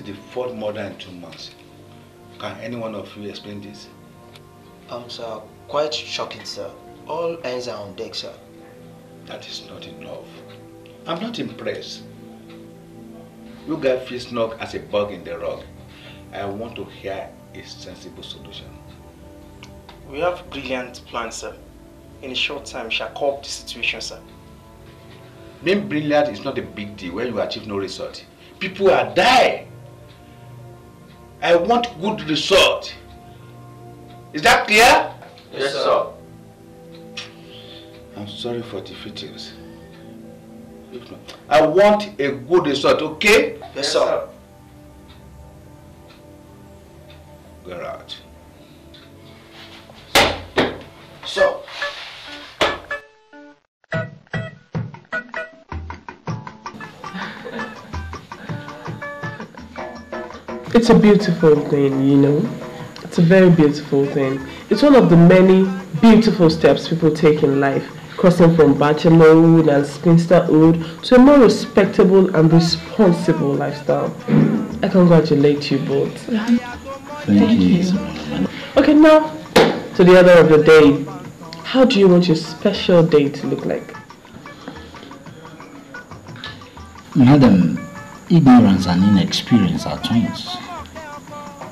is the fourth murder in two months. Can any one of you explain this? Um, sir, quite shocking, sir. All hands are on deck, sir. That is not enough. I'm not impressed. You guys feel snug as a bug in the rug. I want to hear a sensible solution. We have brilliant plans, sir. In a short time, we shall cope the situation, sir. Being brilliant is not a big deal when you achieve no result. People are dying. I want good result. Is that clear? Yes, sir. I'm sorry for the fittings. I want a good result, okay? Yes, sir. sir. Get out. So. It's a beautiful thing, you know. It's a very beautiful thing. It's one of the many beautiful steps people take in life, crossing from bachelorhood and spinsterhood to a more respectable and responsible lifestyle. I congratulate you both. Thank, Thank you. you. Okay, now to the other of the day. How do you want your special day to look like? Madam, Ignorance and inexperience are twins.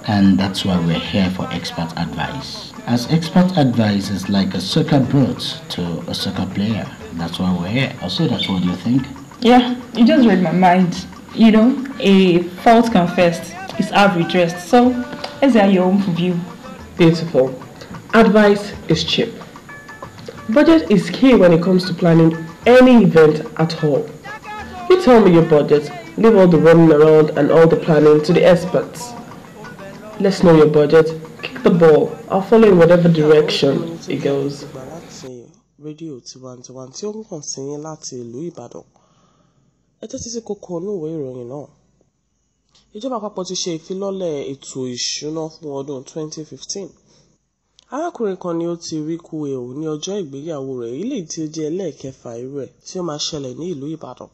And that's why we're here for expert advice. As expert advice is like a soccer bird to a soccer player. That's why we're here. Also, that's what you think? Yeah, you just read my mind. You know, a fault confessed is half redressed. So, is that your own view. Beautiful. Advice is cheap. Budget is key when it comes to planning any event at all. You tell me your budget, Leave all the running around and all the planning to the experts. Let's know your budget. Kick the ball. I'll follow in whatever direction it goes. Radio rédíò tiwantiwa tí ó ń kàn sí yín láti ìlú Ìbàdàn ẹ tẹ́tí sí kókó inú ìwé ìròyìn náà ìjọba àpapọ̀ ti ṣe ìfilọ́lẹ̀ ètò ìṣúná fún ọdún 2015 arákùnrin kan ni ó ti rí kú èò ní ọjọ́ ìgbéyàwó rẹ̀ ilé tí ó jẹ́ ẹlẹ́ẹ̀kẹfà irú ẹ̀ tí ó máa ṣẹlẹ̀ ní ìlú Ìbàdàn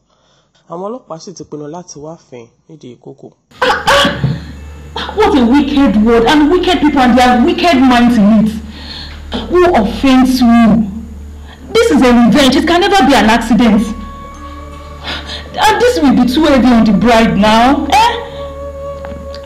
àwọn ọlọ́pàá sì ti pinnu láti wá fẹ̀ẹ́ nídìí ìkókò. What a wicked world and wicked people and their wicked minds in it. Who offends who? This is a revenge. It can never be an accident. And this will be too heavy on the bride now. Eh?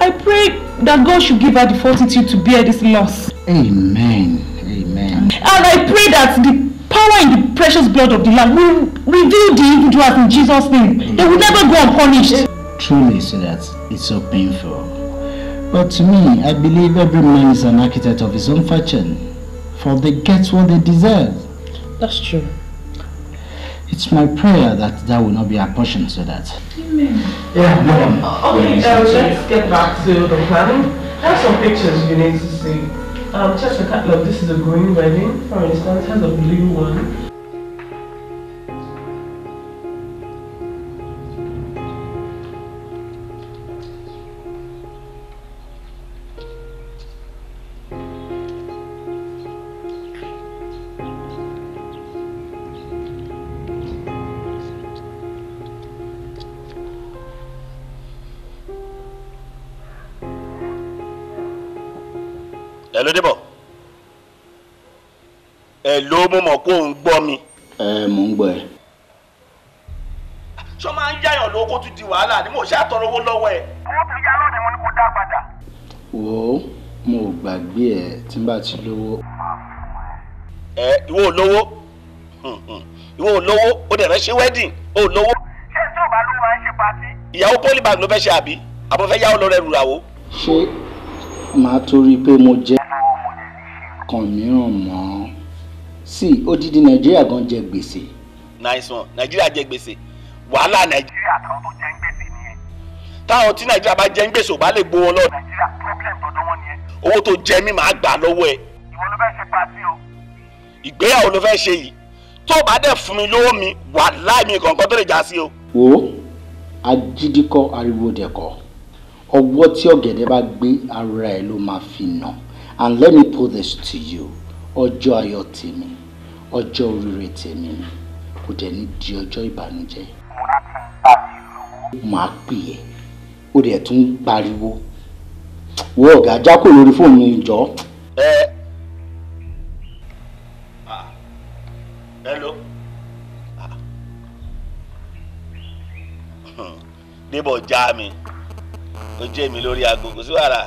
I pray that God should give her the fortitude to bear this loss. Amen. Amen. And I pray that the power in the precious blood of the Lamb will reveal the evildoers in Jesus' name. They will never go unpunished. Truly, so that it's so painful. But to me, I believe every man is an architect of his own fortune, for they get what they deserve. That's true. It's my prayer that that will not be a portion so that. Amen. Yeah, no. Okay, uh, let's get back to the planning. I have some pictures you need to see um, Church of this is a green wedding, for instance, has a blue one. ẹ ló débọ̀ ẹ ló mú mọ̀ kó ń gbọ́ mi. ẹ mò ń gbọ́ ẹ. sọ máa ń yáyàn lówó kó tún di wàhálà ni mo ṣe àtọrọ owó lọ́wọ́ ẹ. owó tó yá lọ́ọ̀dẹ mo ní kó dá padà. wò ó mo gbàgbé ẹ tí n bá ti lówó. ẹ ìwọ ò lówó ìwọ ò lówó ó dẹ̀ fẹ́ ṣe wedding ó lówó. ṣé tí ò bá lówó máa ń ṣe pàtí. ìyàwó pólíbàgì ló fẹ́ ṣe àbí àbọ̀ yáwó lọ rẹ̀ rùràwó. ṣé màá torí pé mo jẹ́ nǹkan mìíràn mọ́ sí odidi nàìjíríà gan jẹ gbèsè. nice one nàìjíríà jẹ gbèsè wàhálà nàìjíríà táwọn tó jẹ ń gbèsè nìyẹn táwọn tí nàìjíríà bá jẹ ń gbèsè ò bá lè gbowó lọ nàìjíríà problem tọdọ wọn nìyẹn. owó tó jẹ mí màá gbà lọ́wọ́ ẹ. ìwọ ló fẹ́ ṣe pàtí o. ìgbéyàwó ló fẹ́ ṣe yìí tó o bá dẹ̀ fún mi lówó mi wàhálà mi kọ̀ọ̀kan tó lè já sí o. wo ajídíkọ ariwo dẹkọ ọwọ́ tí ọ̀gẹ̀dẹ̀ bá gbé ara ẹ̀ ló máa fi nà. and let me put this to you ọjọ́ ayọ̀ ọjọ́ oríire temi kò dẹ̀ ní di ọjọ́ ìbànújẹ́. màá pè ẹ́ ó dẹ̀ tún pariwo wo ọ̀gá jákò lórí ìjọ. ẹ ẹ ló débọ̀ mi mi lórí agogo siwara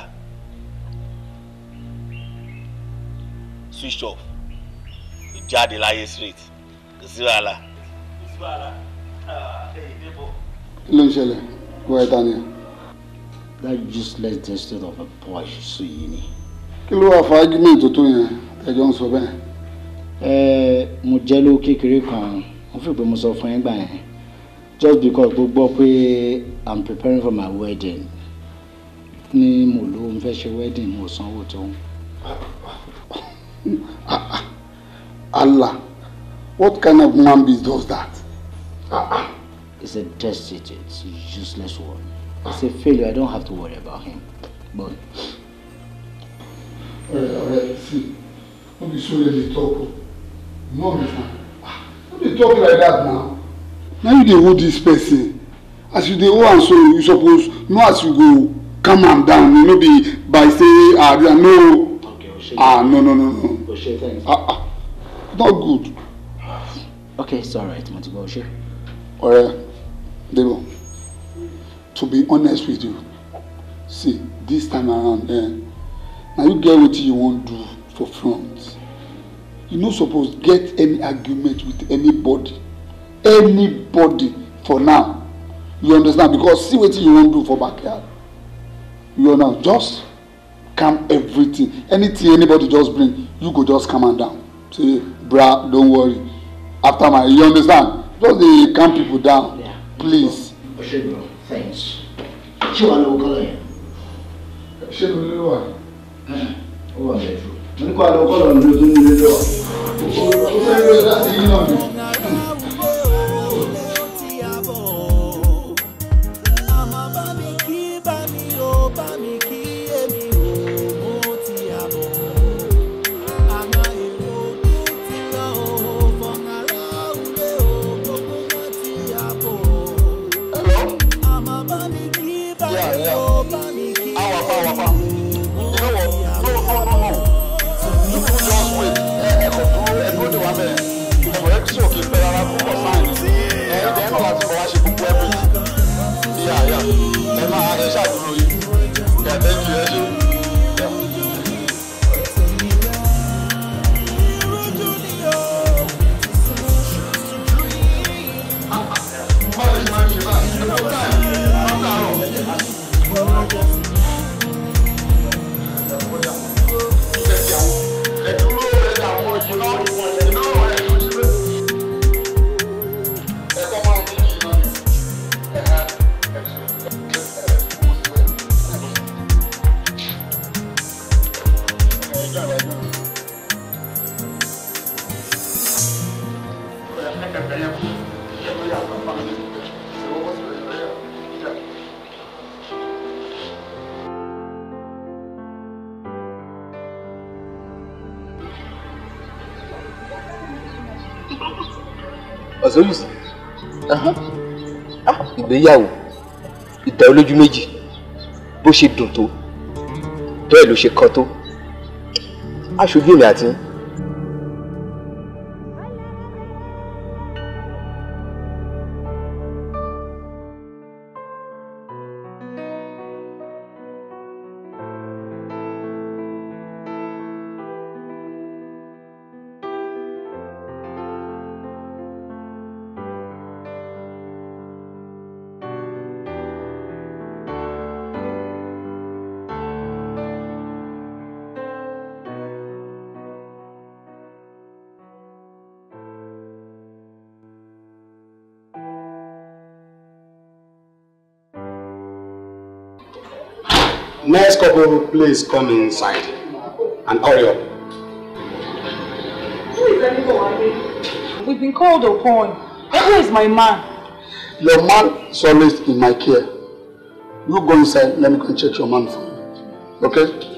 switch off ìjáde láyé street kò sí wàhálà. Ah, ló ń ṣẹlẹ̀ wọ ẹ̀ ta ni. that useless destiny of a boy ṣùṣù yìí ni. kí ló wà fún argument tó tó yẹn ẹjọ́ ń sọ bẹ́ẹ̀. ẹ mo jẹ́ ló kékeré kan mo fi pé mo sọ fún ẹ gbà yẹn just because mo gbọ́ pé i'm preparing for my wedding ni mo ló ń fẹ́ ṣe wedding mo sanwó tó ń. Ah, ah. Allah, what kind of man does that? Ah, it's a destitute, useless one. It's a failure. I don't have to worry about him. But. Alright, eh, alright, eh, see. Don't be so lazy talk. Oh. No understand. Don't be talking like that now. Now you dey hold this person. As you dey hold and so, you suppose know as you go calm am down. You know be by say, ah, no ah no no no no ah ah not good. okay it's all alright mo ti gbọ́ ṣe. ọ̀rẹ́ debo to be honest with you see this time around eh, now you get what you want to do for front you no suppose get any argument with anybody anybody for now you understand because see what you want to do for backyard you know now just calm everything anything anybody just bring you go just calm am down say bra don't worry after my you understand just dey calm people down yeah. please. ọ̀ṣẹ́gun thanks ṣé wàá lọ́wọ́ kọ́lọ̀ yẹn. ṣé ló lè wà. ó wà bẹ́ẹ̀ tó. mo ní kó àlọ́ kọ́lọ̀ ló tó ń lé lọ́wọ́. ó fẹ́ lóye láti yín náà ni. níyàwó ìdá olójú méjì bó ṣe dùn tó bẹ́ẹ̀ ló ṣe kan tó aṣojú mi àti yín. Next couple, please come inside and hurry up. Who is anybody? We've been called upon. Who is my man? Your man is always in my care. You go inside, let me go and check your man for you. Okay?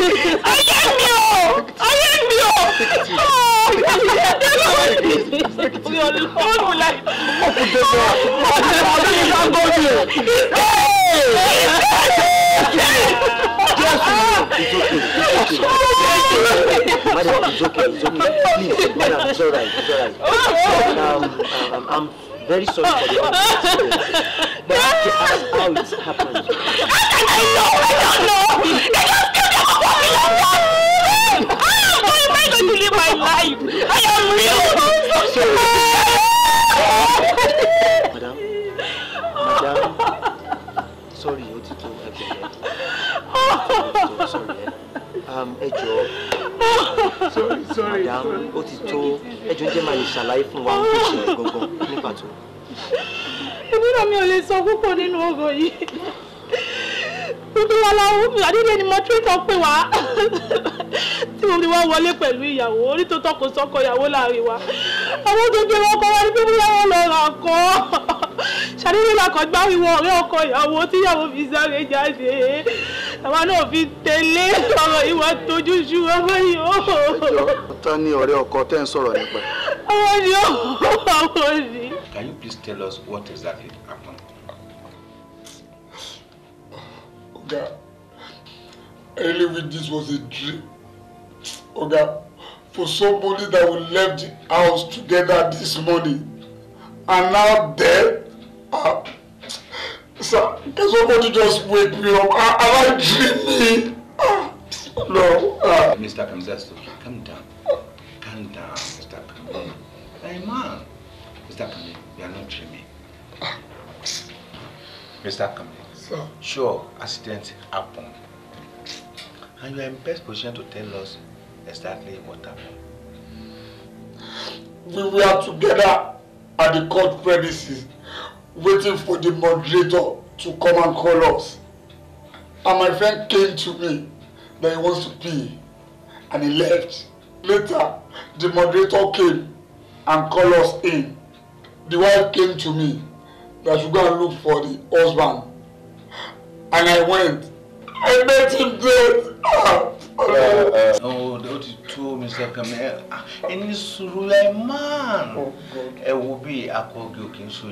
ayé mi o ayé mi o Madam, it's okay, it's okay. Please, madam, it's all right, it's all right. But, um, um, I'm very sorry for the audience. But I have to ask how it happened. I don't know, I don't know. Um, ẹ jọ̀ọ́ madam ó ti tó ẹ jọ̀ọ́ jẹ́ máa lè ṣàlàyé fún wa ohun tó ṣẹlẹ̀ gangan ní pàtó. èmi náà mi ò lè sọ púpọ̀ nínú ọ̀rọ̀ yìí gbogbo wa la wú mi àdéhùn ni mọ́tírítọ̀ pè wá tí mo fi wá wọlé pẹ̀lú ìyàwó onítòótọ́ kò sọ́kọ ìyàwó láàrin wa àwọn tó gbé wọn kọ́ wá ní pípé wọn lọ rà kọ́ ṣàdéhùn làkọ́ gbáwí wọn ọ̀rẹ́ ọkọ ìyàwó tíyàwó fi sáré jáde àwa náà fi tẹ̀lé ọ̀rọ̀ ìwà tójú ṣu ọmọ yìí ó. ta ni ọ̀rẹ́ ọkọ tẹ́ ń sọ̀rọ̀ nípa ẹ̀. ọmọ ni ó ọmọ ni. Can you please tell us what exactly happened? Oga, I really wish this was a dream. Oga, for somebody that we left the house together this morning and now dead. Uh, Sir, somebody just wake me up. Am I dreaming? Ah, no. Uh. Ah. Mr. Kamzesto, calm down. Calm down, Mr. Kamzesto. Hey, man. Mr. Kamzesto, you are not dreaming. Mr. Kamzesto. Sir. Sure, accident happened. And you are in best position to tell us exactly what happened. We were together at the court premises waiting for the moderator to come and call us. And my friend came to me that he wants to pee and he left. Later, the moderator came and called us in. The wife came to me that I go and look for the husband. And I went. I met him dead. ó ti tó Mr. me, ẹni sùúrù ẹ máa ẹ wo bí akọọgì òkè ń so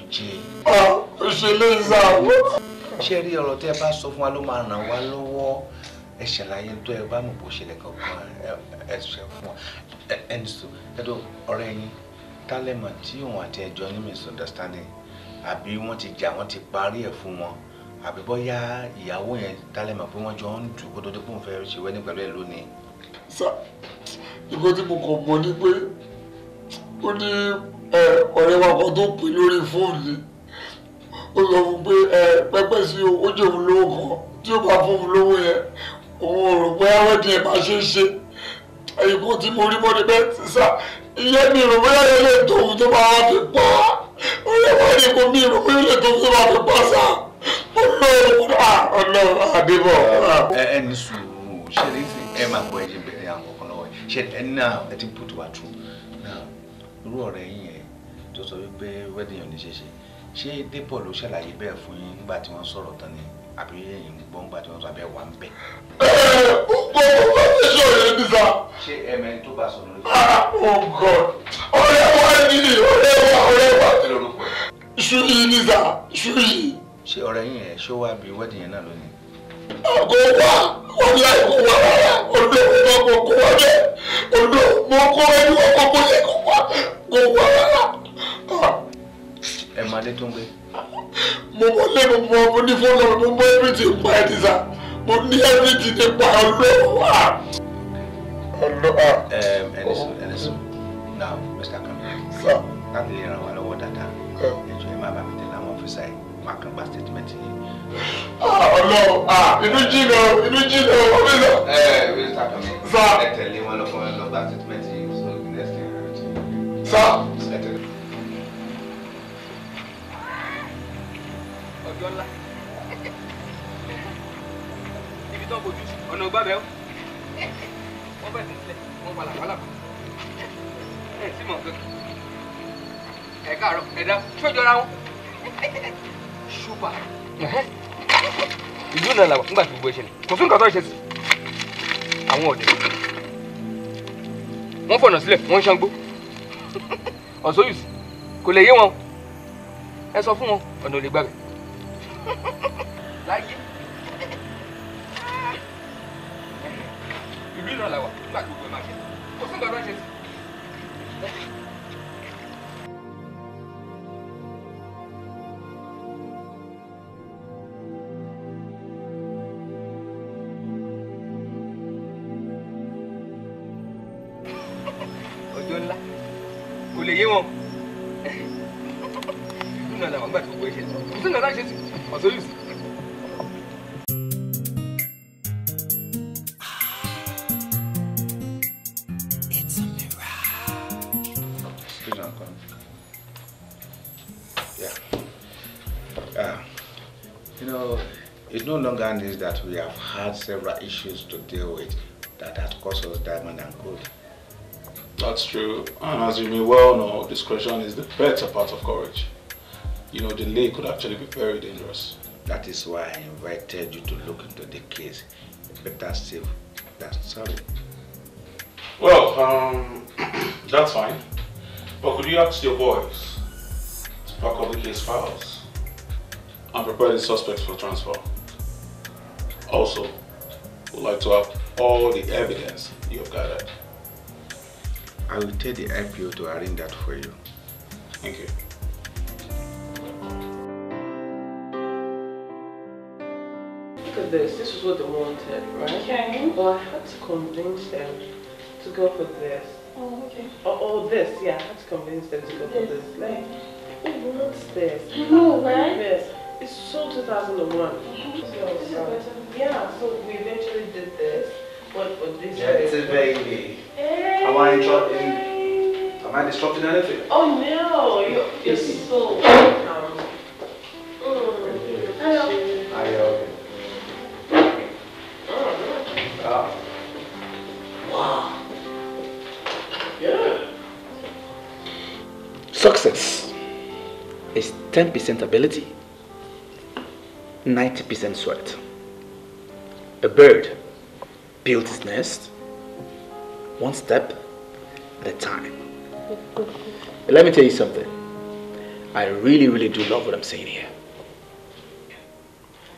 a. òṣèlú ìzà. ṣé rí ọ̀rọ̀ tẹ́ ẹ bá sọ fún wa ló máa ràn wá lọ́wọ́ ẹ ṣàlàyé tó ẹ bá mọ̀ bó ṣẹlẹ̀ kankan ẹ ṣe fún wa ẹni sùúrù ẹ tó ọ̀rẹ́ yín tálẹ̀mọ̀ tí òun àti ẹjọ́ ní misunderstanding àbí wọ́n ti jà wọ́n ti parí ẹ̀ fún wọn àbí bóyá ìyàwó yẹn dálẹ̀ mọ̀ pé wọ́n jọ ń dùn kó tó dé fún fẹ́ẹ́ ṣe wẹ́ẹ́nì pẹ̀lú ẹ̀ lónìí. sá ìkó tí mo kàn mọ̀ ni pé ó ní ọ̀rẹ́ wa kan tó pè lórí fóònù ó sọ fún pé pẹ́pẹ́ sí o ó lówó kan tí ó bá fún lówó yẹn òun ò rò pé ẹwẹ́dì ẹ̀ máa ṣe é ṣe ìkó tí mo rí mọ́ ni bẹ́ẹ̀ sísá ìyẹn mi rò bóyá ilé ìtòhùn tó máa fi pa ó lè wá ní kó mi rò bóyá ilé ìtòhùn tó máa fi pa sáà ọ̀nà àdébọ̀. ẹ ẹ ní sùúrù ṣẹlẹ̀ ìsìn ẹ máa gbọ́ ẹ̀jẹ̀ bẹ̀rẹ̀ àwọn ọkàn lọ́wọ́ ṣẹlẹ̀ ẹ náà ẹ ti put wa through náà irú ọ̀rẹ́ yín yẹn wedding yẹn ò ní ṣe ṣe ṣé débọ̀ ló ṣàlàyé bẹ́ẹ̀ fún yín nígbà tí wọ́n sọ̀rọ̀ tán ni àbí ẹ̀yin ń gbọ́ nígbà tí wọ́n sọ abẹ́ wà ń bẹ̀. tó bá sọ lórí. oh god ọ̀rẹ́ wa nílì ọ̀rẹ́ wa ọ̀rẹ́ wa. kí lorúkọ ẹ. ṣùyí ní sá ṣùyí ṣé ọ̀rẹ́ yín ẹ̀ ṣó wá bí wedding yẹn náà lónìí. àgọ́ wa wọn ní àìkú wa rárá odò mo kó wa bẹ́ẹ̀ odò mo kó wa ní ọkọ̀ mo yẹ kó wa kó wa rárá. ẹ máa dé tó ń gbé. mo mọ lẹ́nu mo mo ní fóònù mo mọ everything pa ẹ̀ dísà mo ní everything nípa ọlọ́wà. ọlọ́wà. Ah. ẹ ẹ ẹnisun ẹnisun now Mr. Kamil láti lè ràn wá lọ́wọ́ dáadáa ẹ jọ̀ọ́ ẹ má bàa mi ọlọ inú jìnnà inú jìnnà ọlọlọ. ẹ ẹ mínísítà kan mi. sa ẹ tẹ̀lé wọn lọ́kùnrin lọ́gbà treatment yìí so the next thing I do. sa ẹ tẹ̀lé. ọjọ́ ńlá ibi tó ń bojú ọ̀nà ìgbàbẹ́ ó wọ́n bẹ̀ sílẹ̀ wọ́n wà làpálàpá ẹ̀ sì mọ̀ pé ẹ̀ káàárọ̀ ẹ̀dá tó jọra wọn ṣùgbọ́n ìlú náà làwọn nígbà tí gbogbo ìṣẹ̀lẹ̀ kò sí nǹkan tó ṣe sí àwọn ọdẹ wọn fọ̀nà sílẹ̀ wọn ń ṣàǹgbó ọ̀sọ́yùsì kò lè yé wọn ẹ sọ fún wọn ọ̀nà ò lè gbàgbẹ́ láyé ìlú náà làwọn nígbà tí gbogbo. that we have had several issues to deal with that had cost us diamond and gold. That's true. And as you may well know, discretion is the better part of courage. You know, delay could actually be very dangerous. That is why I invited you to look into the case. Better safe than sorry. Well, um, that's fine. But could you ask your boys to pack up the case files and prepare the suspects for transfer? Also, would like to have all the evidence you have gathered. I will tell the IPO to arrange that for you. Thank you. Look at this. This is what they wanted, right? Okay. Well, I had to convince them to go for this. Oh, okay. Oh, oh this. Yeah, I had to convince them to go this. for this. Like, who wants this? right? This. It's so 2001. this is better. Yeah, so we eventually did this. What would this Gentle baby. Hey, am I interrupting? Am I disrupting anything? Oh no, you're, you're so welcome. Mm. Hello. Hi, okay. Mm. Ah. Wow. Yeah. Success is 10% ability, 90% sweat. A bird builds its nest one step at a time. But let me tell you something. I really, really do love what I'm saying here.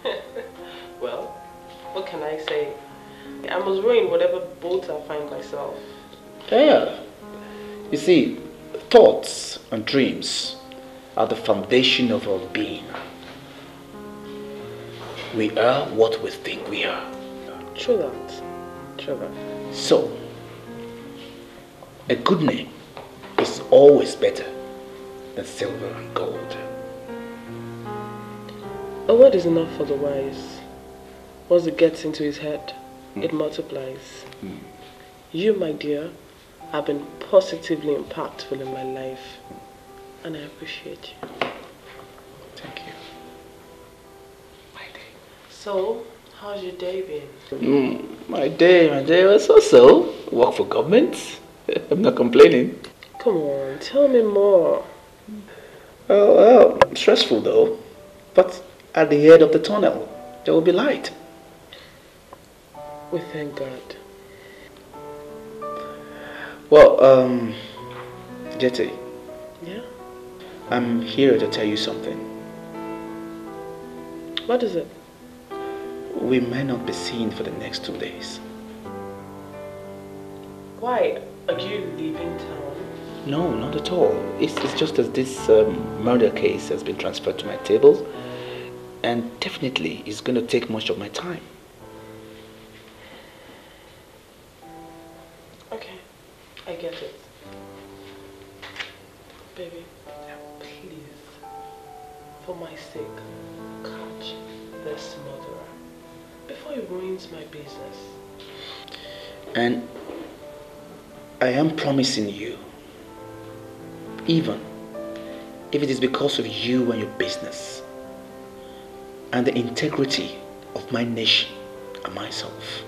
well, what can I say? I must ruin whatever boat I find myself. Yeah. You see, thoughts and dreams are the foundation of our being. We are what we think we are. True that. True that. So, a good name is always better than silver and gold. A word is enough for the wise. Once it gets into his head, mm. it multiplies. Mm. You, my dear, have been positively impactful in my life, and I appreciate you. Thank you. So, how's your day been? Mm, my day, my day was so-so. Work for government. I'm not complaining. Come on, tell me more. Oh, well, stressful though. But at the end of the tunnel, there will be light. We thank God. Well, um, Jetty. Yeah? I'm here to tell you something. What is it? we might not be seen for the next two days. Why? Are you leaving town? No, not at all. It's, it's just that this um, murder case has been transferred to my table and definitely it's going to take much of my time. Okay, I get it. Baby, please, for my sake, catch this man ruins my business. And I am promising you, even if it is because of you and your business and the integrity of my nation and myself,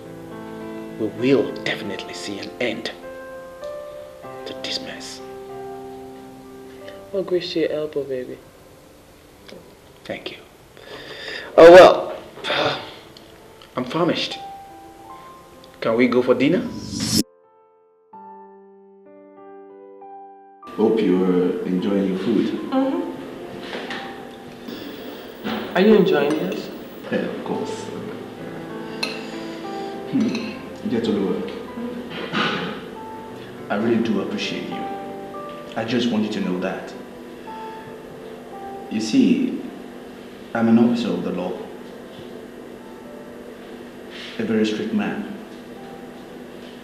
we will definitely see an end to this mess. Well, grace your elbow, baby. Thank you. Oh, well. I'm famished. Can we go for dinner? Hope you're uh, enjoying your food. Mm -hmm. Are you enjoying this? Yeah, of course. Hmm. Get to work. I really do appreciate you. I just want you to know that. You see, I'm an officer of the law a very strict man,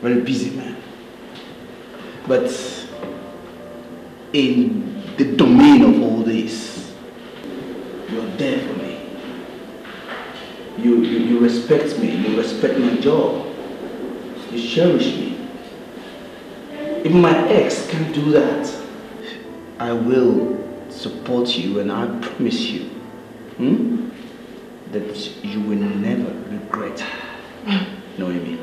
very busy man. But in the domain of all this, you're there for me. You, you, you respect me, you respect my job, you cherish me. If my ex can do that, I will support you and I promise you hmm, that you will never regret no, know what I mean?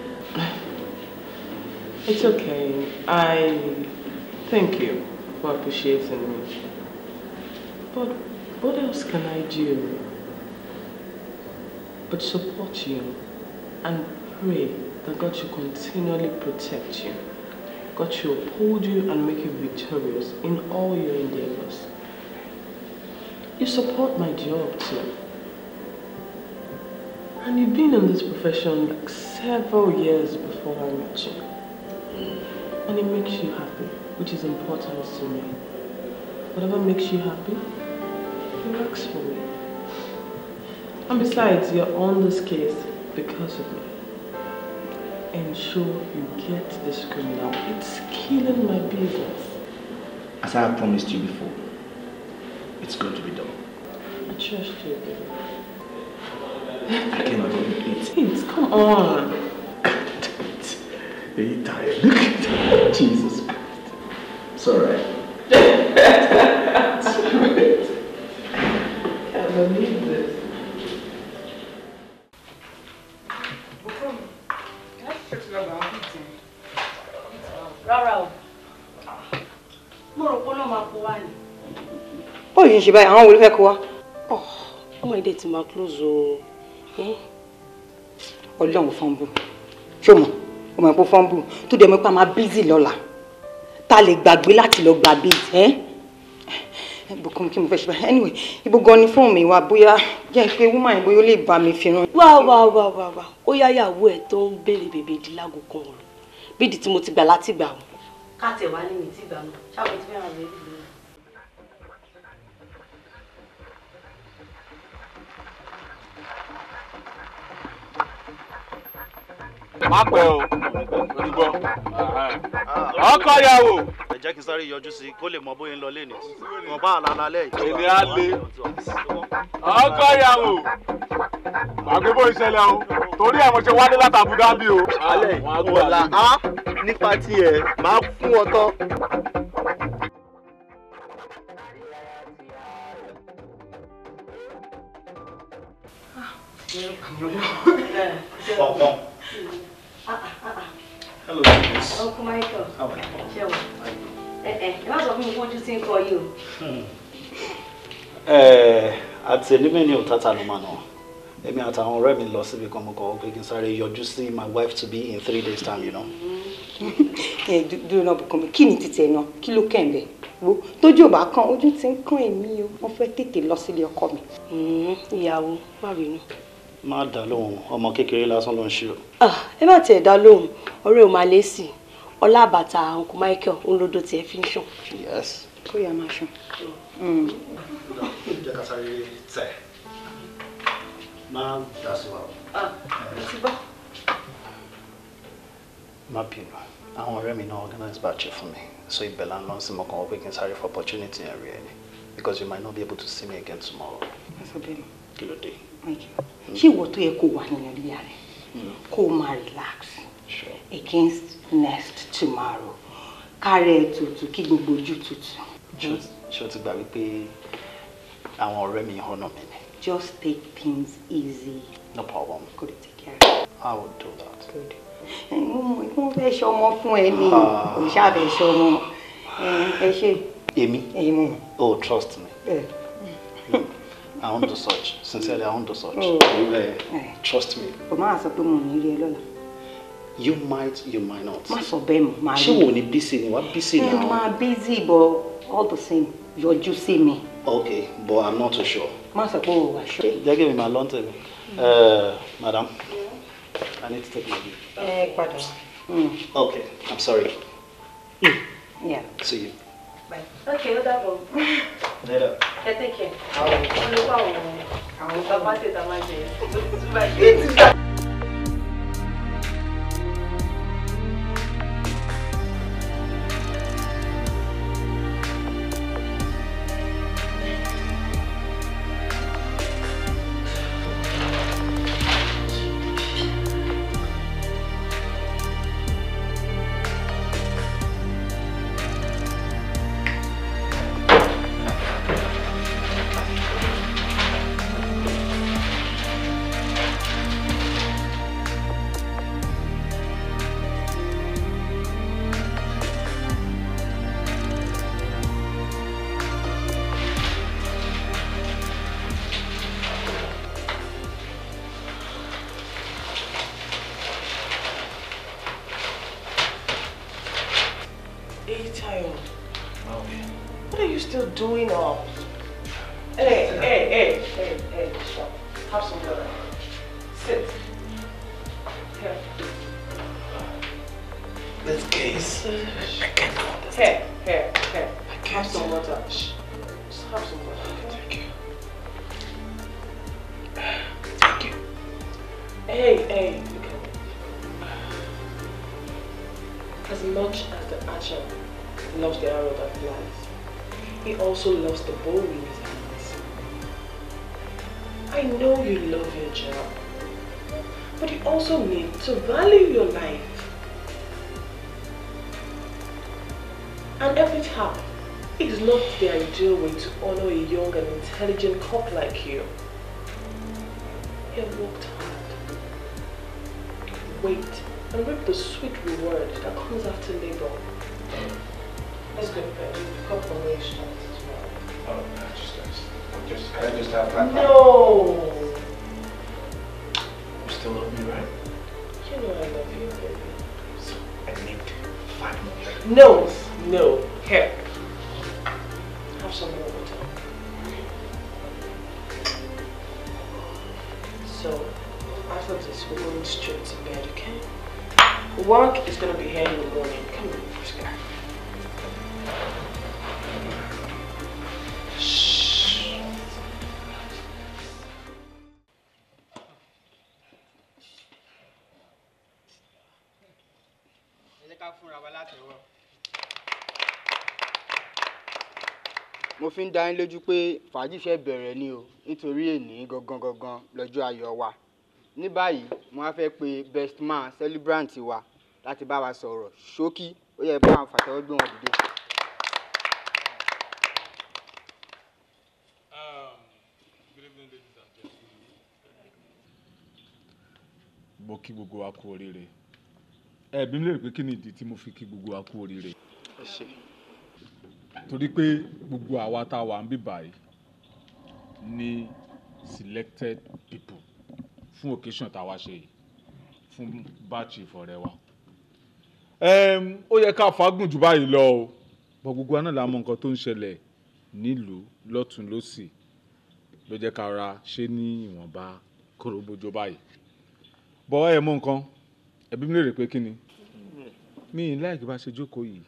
It's okay. I thank you for appreciating me. But what else can I do but support you and pray that God should continually protect you. God should uphold you and make you victorious in all your endeavors. You support my job too. And you've been in this profession like several years before I met you. And it makes you happy, which is important to me. Whatever makes you happy, it works for me. And besides, you're on this case because of me. Ensure you get this criminal. It's killing my business. As I have promised you before, it's going to be done. I trust you, baby. I cannot even eat it. Come on. God damn it. Are you tired? Look at that. Jesus Christ. It's alright. it's alright. I don't need this. Rárá o. Mo rò pé náà máa kó wá ni. Bóyá ṣe báyìí, àwọn olùfẹ́ kó wá. Oh, ọmọ ìdè ti close o ọlọ́run fọ́nbù ṣó ọmọ ẹ̀kọ́ fọ́nbù tó dẹ̀ mọ́ pé máa bízì lọ́la ta lè gbàgbé láti lọ gbà bíi ẹ́ bùkún kí mo fẹ́ ṣe báyìí anyway ibo gan ni fóònù mi wà bóyá jẹ́ pé wúmà yìí bóyá ó lè bá mi fi ràn. wá wá wá wá wá ó yá yàwó ẹ tó ń béèrè bèbè ìdí kan ọ̀rọ̀ bídìí tí mo ti gbà láti gbà o. káàtẹ̀ wá ní mi ti gbà ṣáà mo ti fẹ́ràn rẹ̀ má pẹ́ o olùgbọ́ ọkọ yàwó. ẹ jẹ́ kí n sáré yọjú sí kó lè mọ bóyá ń lọ lẹ́nu wọn bá àlàlà lẹ́yìn. èmi á le ọkọ yàwó àgbébó ìṣẹ̀lẹ̀ o torí ẹ̀ mo ṣe wálé láti Àbújá bí o. alẹ́ wọ̀lá á ah, nípa tiẹ̀ máa fún ọ tán. Ah. ọ̀pọ̀. Hello, Denise. Uncle Michael. How are you? Ṣé o? Ẹ ẹ, ẹ má sọ fún mi kójú tí ń kọ yìí o. Ẹ eh, àti èmi ní òtátà ló máa nà wá. Èmi àtàwọn ọ̀rẹ́ mi lọ síbi kan my wife to be in three days time, you know. Ẹ mm. eh, do náà bùkún mi, kí ni títí ẹ̀ náà? Kí ló kẹ́ ń bẹ̀? Wo tójú ò bá kan ojú ti ń kán èmi o, wọ́n fẹ́ tètè lọ sílé ọkọ má dá lóhùn ọmọ kékeré lásán ló ń ṣe o. Ah, ẹ má tiẹ̀ dá lóhùn ọ̀rẹ́ ò máa lé sí i ọlá àbàtà uncle michael ńlọdọ tiẹ̀ fi ń sùn. ó yà máa sùn. Mm. jẹ́ ká sáré tẹ̀ má dá sí wa. Ah, má bínú àwọn ọ̀rẹ́ mi náà organize batch fún mi so ìbẹ̀là ń lọ sí mọ́kàn wọ́n pé kí n sáré for opportunity ẹ̀rí ẹ̀ ni because you might not be able to see me again tomorrow. kí ló dé ṣé ìwọ tó yẹ kó wà nínú ilé rẹ kó máa relax against next tomorrow kárẹ̀ tutù kí gbogbo ojú tutù. ṣé o ti gbà wípé àwọn ọ̀rẹ́ mi hànà mi ni. just take things easy. no problem. go dey take care. i will do that. good. wọ́n fẹ́ ṣọmọ fún ẹ ní ah. òṣàbẹ̀ ṣọmọ ẹ ṣe. èmi. èmi. oh trust me. Yeah. I want to search. Sincerely, I want to search. Oh. Eh, eh. Trust me. But ma sọ pé mo ní rí lọ́la. You might, you might not. Ma, sọ bẹ́ẹ̀ mọ̀, máa rí. Ṣé wo ni busy ni? Wá busy now. Ẹ máa busy but all the same, yọjú sí mi. Okay, but I'm not too sure. Ma, sọ pé o wà sure. Jẹ́ kí mi máa lọ́n tẹ̀lé. Eh, madam, I need to take my leave. Ẹ padà hmm. Okay, I'm sorry. Mm. Yeah. See you bye. okay ó dàbọ̀. lẹ́dọ̀. ẹ tẹ́kẹ̀. àwọn olùkọ́ àwọn àwọn bàbá tètè máa jẹ ẹ. fi ń dá yín lójú pé fàájì fẹ́ bẹ̀rẹ̀ ni o nítorí èní gangan gangan lọ́jọ́ ayọ̀ wa ní báyìí mo wá fẹ́ pe best man celebrant wa láti bá wa sọ̀rọ̀ ṣókí ó yẹ bá àwọn fàtẹ́wọ́ gbé wọn dìde. mo kí gbogbo wa kú oríire ẹ̀bí pé kí ni ìdí tí mo fi kí gbogbo wa kú oríire. ẹ ṣé torí pé gbogbo àwa tá a wà ń bí báyìí ni selected people fún occasion tá a wá ṣe yìí fún báàtì ìfọ̀rẹ́ wa. ó yẹ ká fagùn jù báyìí lọ o bọ gbogbo aná la mọ nǹkan tó ń ṣẹlẹ̀ nílùú lọ́tún lọ́sì ló jẹ́ ká ra ṣe ní ìwọ̀nba korobojo báyìí bọ́ ẹ mọ nǹkan ẹbí mi lè rè pé kí ni mi ì láì bá ṣe jókòó yìí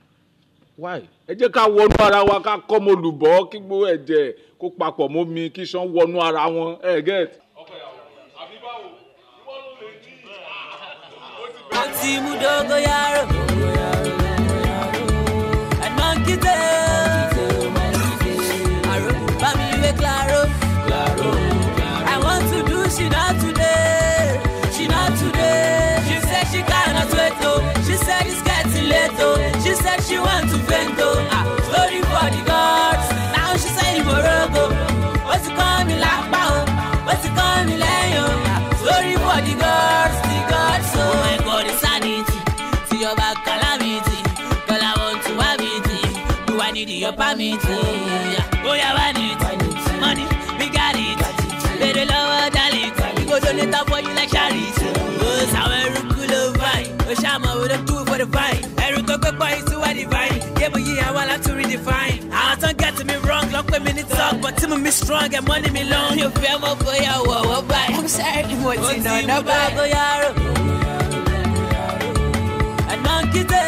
why ẹ jẹ́ ká wọnú ara wa ká kọ́ mo lùbọ́ kí gbogbo ẹ̀jẹ̀ kó papọ̀ mọ́ mi kí sàn wọnú ara wọn ẹ get. mo ti mú dógóyàrò àná kí tẹ́ ẹ. she want to bend go. Ah, sorry for the gods. Now she say Morogo. What's it call me Lapa? bow? What's it call me Leo? Ah, sorry for the gods, the gods. Oh, oh my God, insanity. See your back calamity. Girl, I want to have it. Do I need your permit? Oh yeah, I need money. We got it. Baby, love, darling. We go donate that for you like charity. Oh, sour, cool, oh, fine. Oh, shaman. label yìí àwa la redefine. àwọn tán get me wrong lọ pé mi ní talk but tí mo mi strong ẹ̀ mọ́ ni mi lọ. mi ò fẹ́ mọ bóyá wọ̀ wọ́ báyìí. mo sáré mo ti nà ná báyìí. bóyá rò. àná kíte.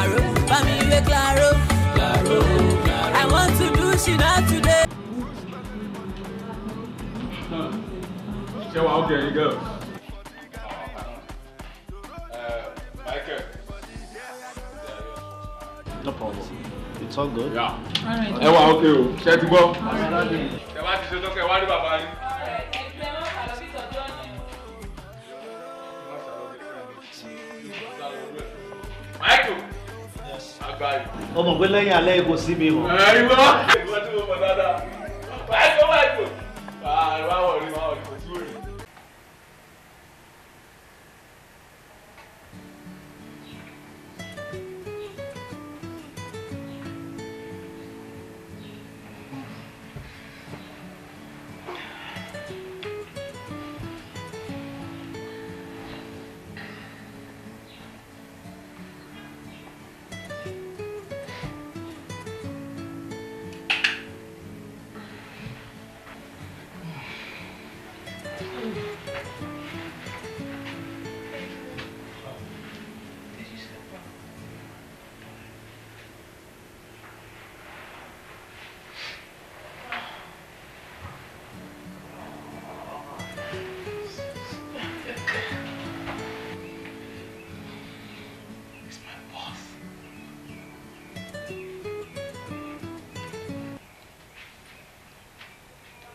àrò bá mi wé claro. I want to do ṣìnà today. ṣé wàá ó kẹrin girls. all good. Yeah. All right. Ẹ okay o. Ṣé go. gbọ́? Ṣé wá ti ṣe tán kẹ́ wá rí bàbá yín? Michael. Agbáyé. Ọmọ pé lẹ́yìn alẹ́ epo sí mi mọ̀. Ẹ ìwọ. Ìwọ tí mo mọ̀ dáadáa. Michael Michael. Àrùn àwọ̀ rí máa wọ̀ ní kò tí ò rí.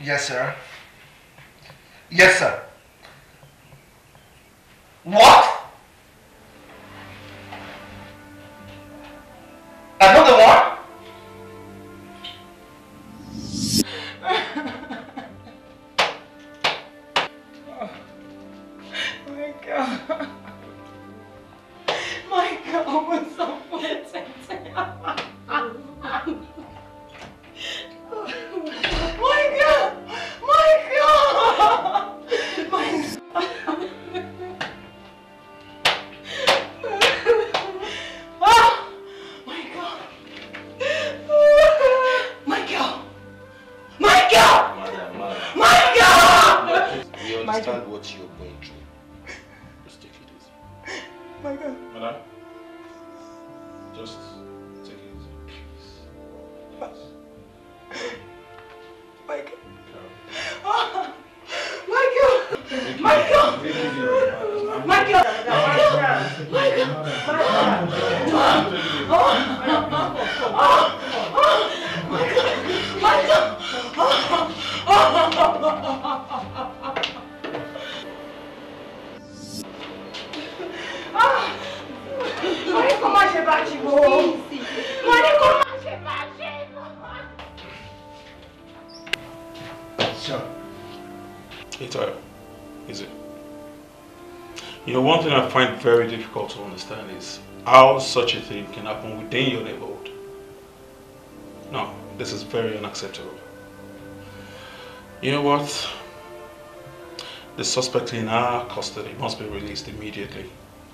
Yes, sir. Yes, sir. how such a thing can happen within your neighborhood. No, this is very unacceptable. You know what? The suspect in our custody must be released immediately.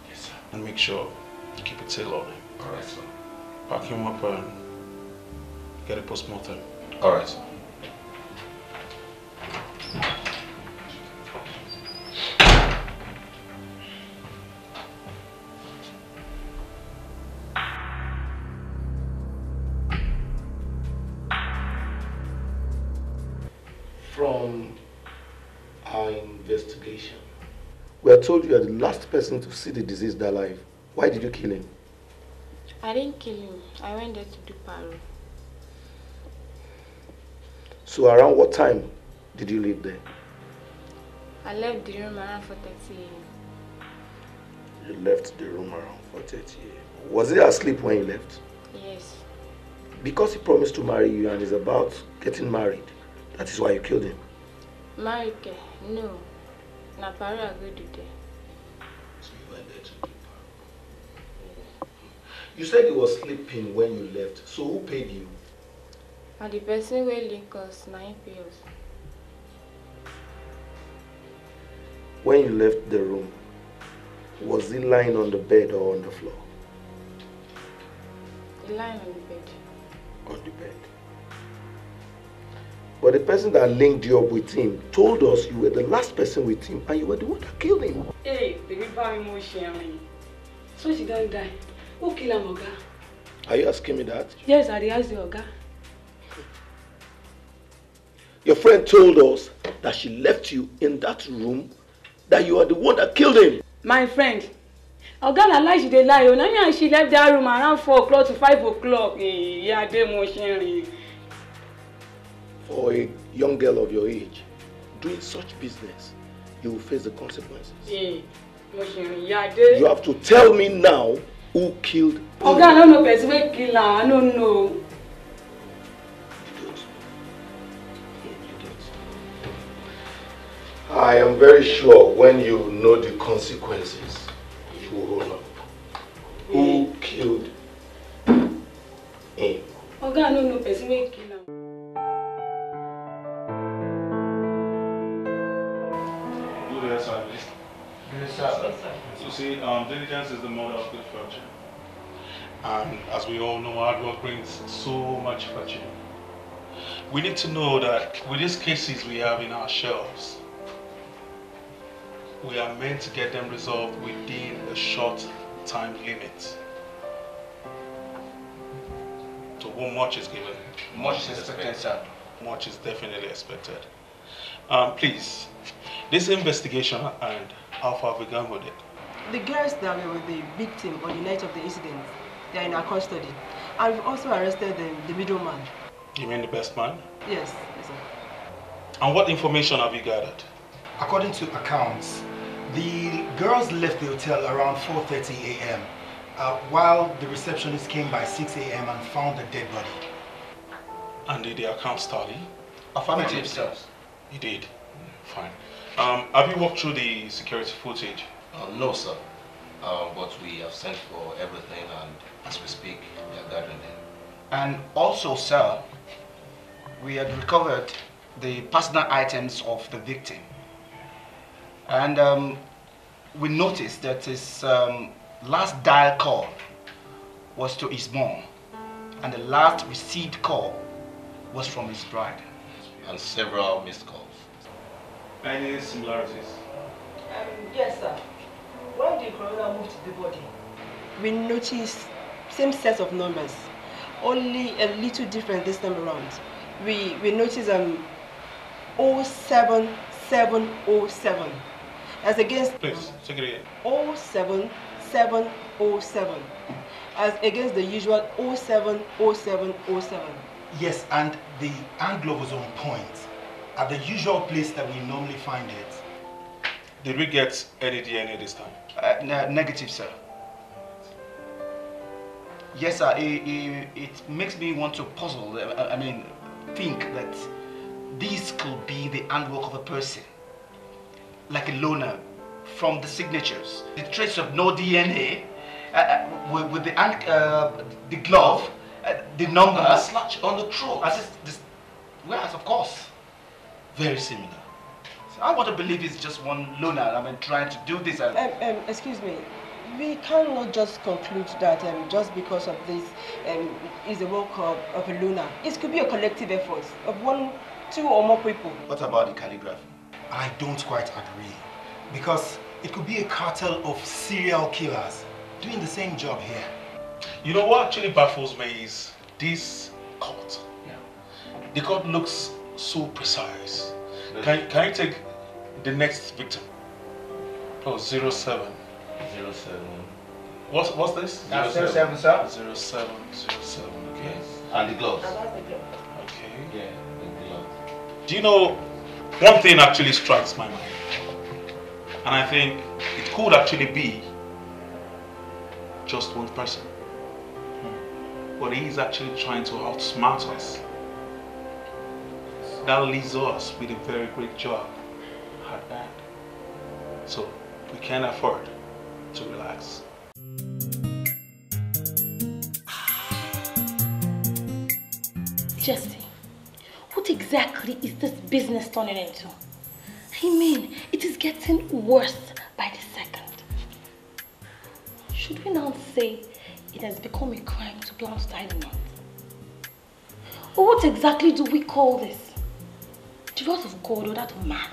Yes, sir. And make sure you keep a tail on him. All right, sir. Pack him up and get a post-mortem. All right, sir. told you you are the last person to see the diseased alive. Why did you kill him? I didn't kill him. I went there to do paro. So around what time did you leave there? I left the room around 4.30 You left the room around 4.30 Was he asleep when you left? Yes. Because he promised to marry you and is about getting married, that is why you killed him? Marry? No. Na paro I go there. You said he was sleeping when you left, so who paid you? And the person will link us nine pills. When you left the room, was he lying on the bed or on the floor? He lying on the bed. On the bed. But the person that linked you up with him told us you were the last person with him and you were the one that killed him. Hey, the river emotion. So she going not die. Who killed am, Oga? Are you asking me that? Yes, I asked you, Oga. Your friend told us that she left you in that room, that you are the one that killed him. My friend, Oga na lie she dey lie o. Na she left that room around 4 o'clock to 5 o'clock. yeah, Adémọ̀ṣẹ́ For a young girl of your age, doing such business, you will face the consequences. Yeah. You have to tell me now who killed Oga, oh, okay, I don't know person wey kill am. I don't know. I am very sure when you know the consequences, you will hold up. Mm. Who killed him? Oga, oh, okay, I don't know person wey kill am. Good day, sir. Good day, sir. So, see, um, diligence is the model. And as we all know, hard work brings so much fortune. We need to know that with these cases we have in our shelves, we are meant to get them resolved within a short time limit. To whom much is given. Much, is expected, sir. Much is definitely expected. Um, please, this investigation and how far have we gone with it? The girls that were the victim on the night of the incident they are in our custody. i have also arrested the, the middleman. You mean the best man? Yes, sir. And what information have you gathered? According to accounts, the girls left the hotel around 4.30 a.m. Uh, while the receptionist came by 6 a.m. and found the dead body. And did the account tally? Affirmative, sir. He did? Fine. Um, have you walked through the security footage? Uh, no, sir. Uh, but we have sent for everything and as we speak, we are gathering in. And also, sir, we had recovered the personal items of the victim. And um, we noticed that his um, last dial call was to his mom. And the last received call was from his bride. And several missed calls. Any similarities? Um, yes, sir. When the coroner moved the body, we noticed same set of numbers, only a little different this time around. We, we notice um, 07707 as against Please, take it again. 07707 as against the usual 070707. Yes, and the angle was on point at the usual place that we normally find it. Did we get any DNA this time? Uh, negative, sir yes, sir, it, it, it makes me want to puzzle, I, uh, I mean, think that this could be the handwork of a person, like a loner, from the signatures. The trace of no DNA, uh, uh, with, with, the, uh, the glove, uh, the number uh, slash on the throat. As this, whereas, of course, very similar. I want to believe it's just one loner, I mean, trying to do this. Uh, um, um, excuse me, we cannot just conclude that um, just because of this um, is a work of, of a luna. It could be a collective effort of one, two or more people. What about the calligraphy? I don't quite agree because it could be a cartel of serial killers doing the same job here. You know what actually baffles me is this cult. Yeah. The cult looks so precise. Can, can you take the next victim? Oh, zero seven. Zero seven. What's what's this? That's uh, zero seven, seven, sir. Zero seven zero seven. Okay. Yes. And the gloves. And that's the gloves. Okay. Yeah, the gloves. Do you know one thing actually strikes my mind, and I think it could actually be just one person, hmm. but he's actually trying to outsmart us. That leaves us with a very great job at that. So we can't afford to relax. Jesse, what exactly is this business turning into? I mean, it is getting worse by the second. Should we now say it has become a crime to plant diamond? Or what exactly do we call this? The wrath of God or that of man?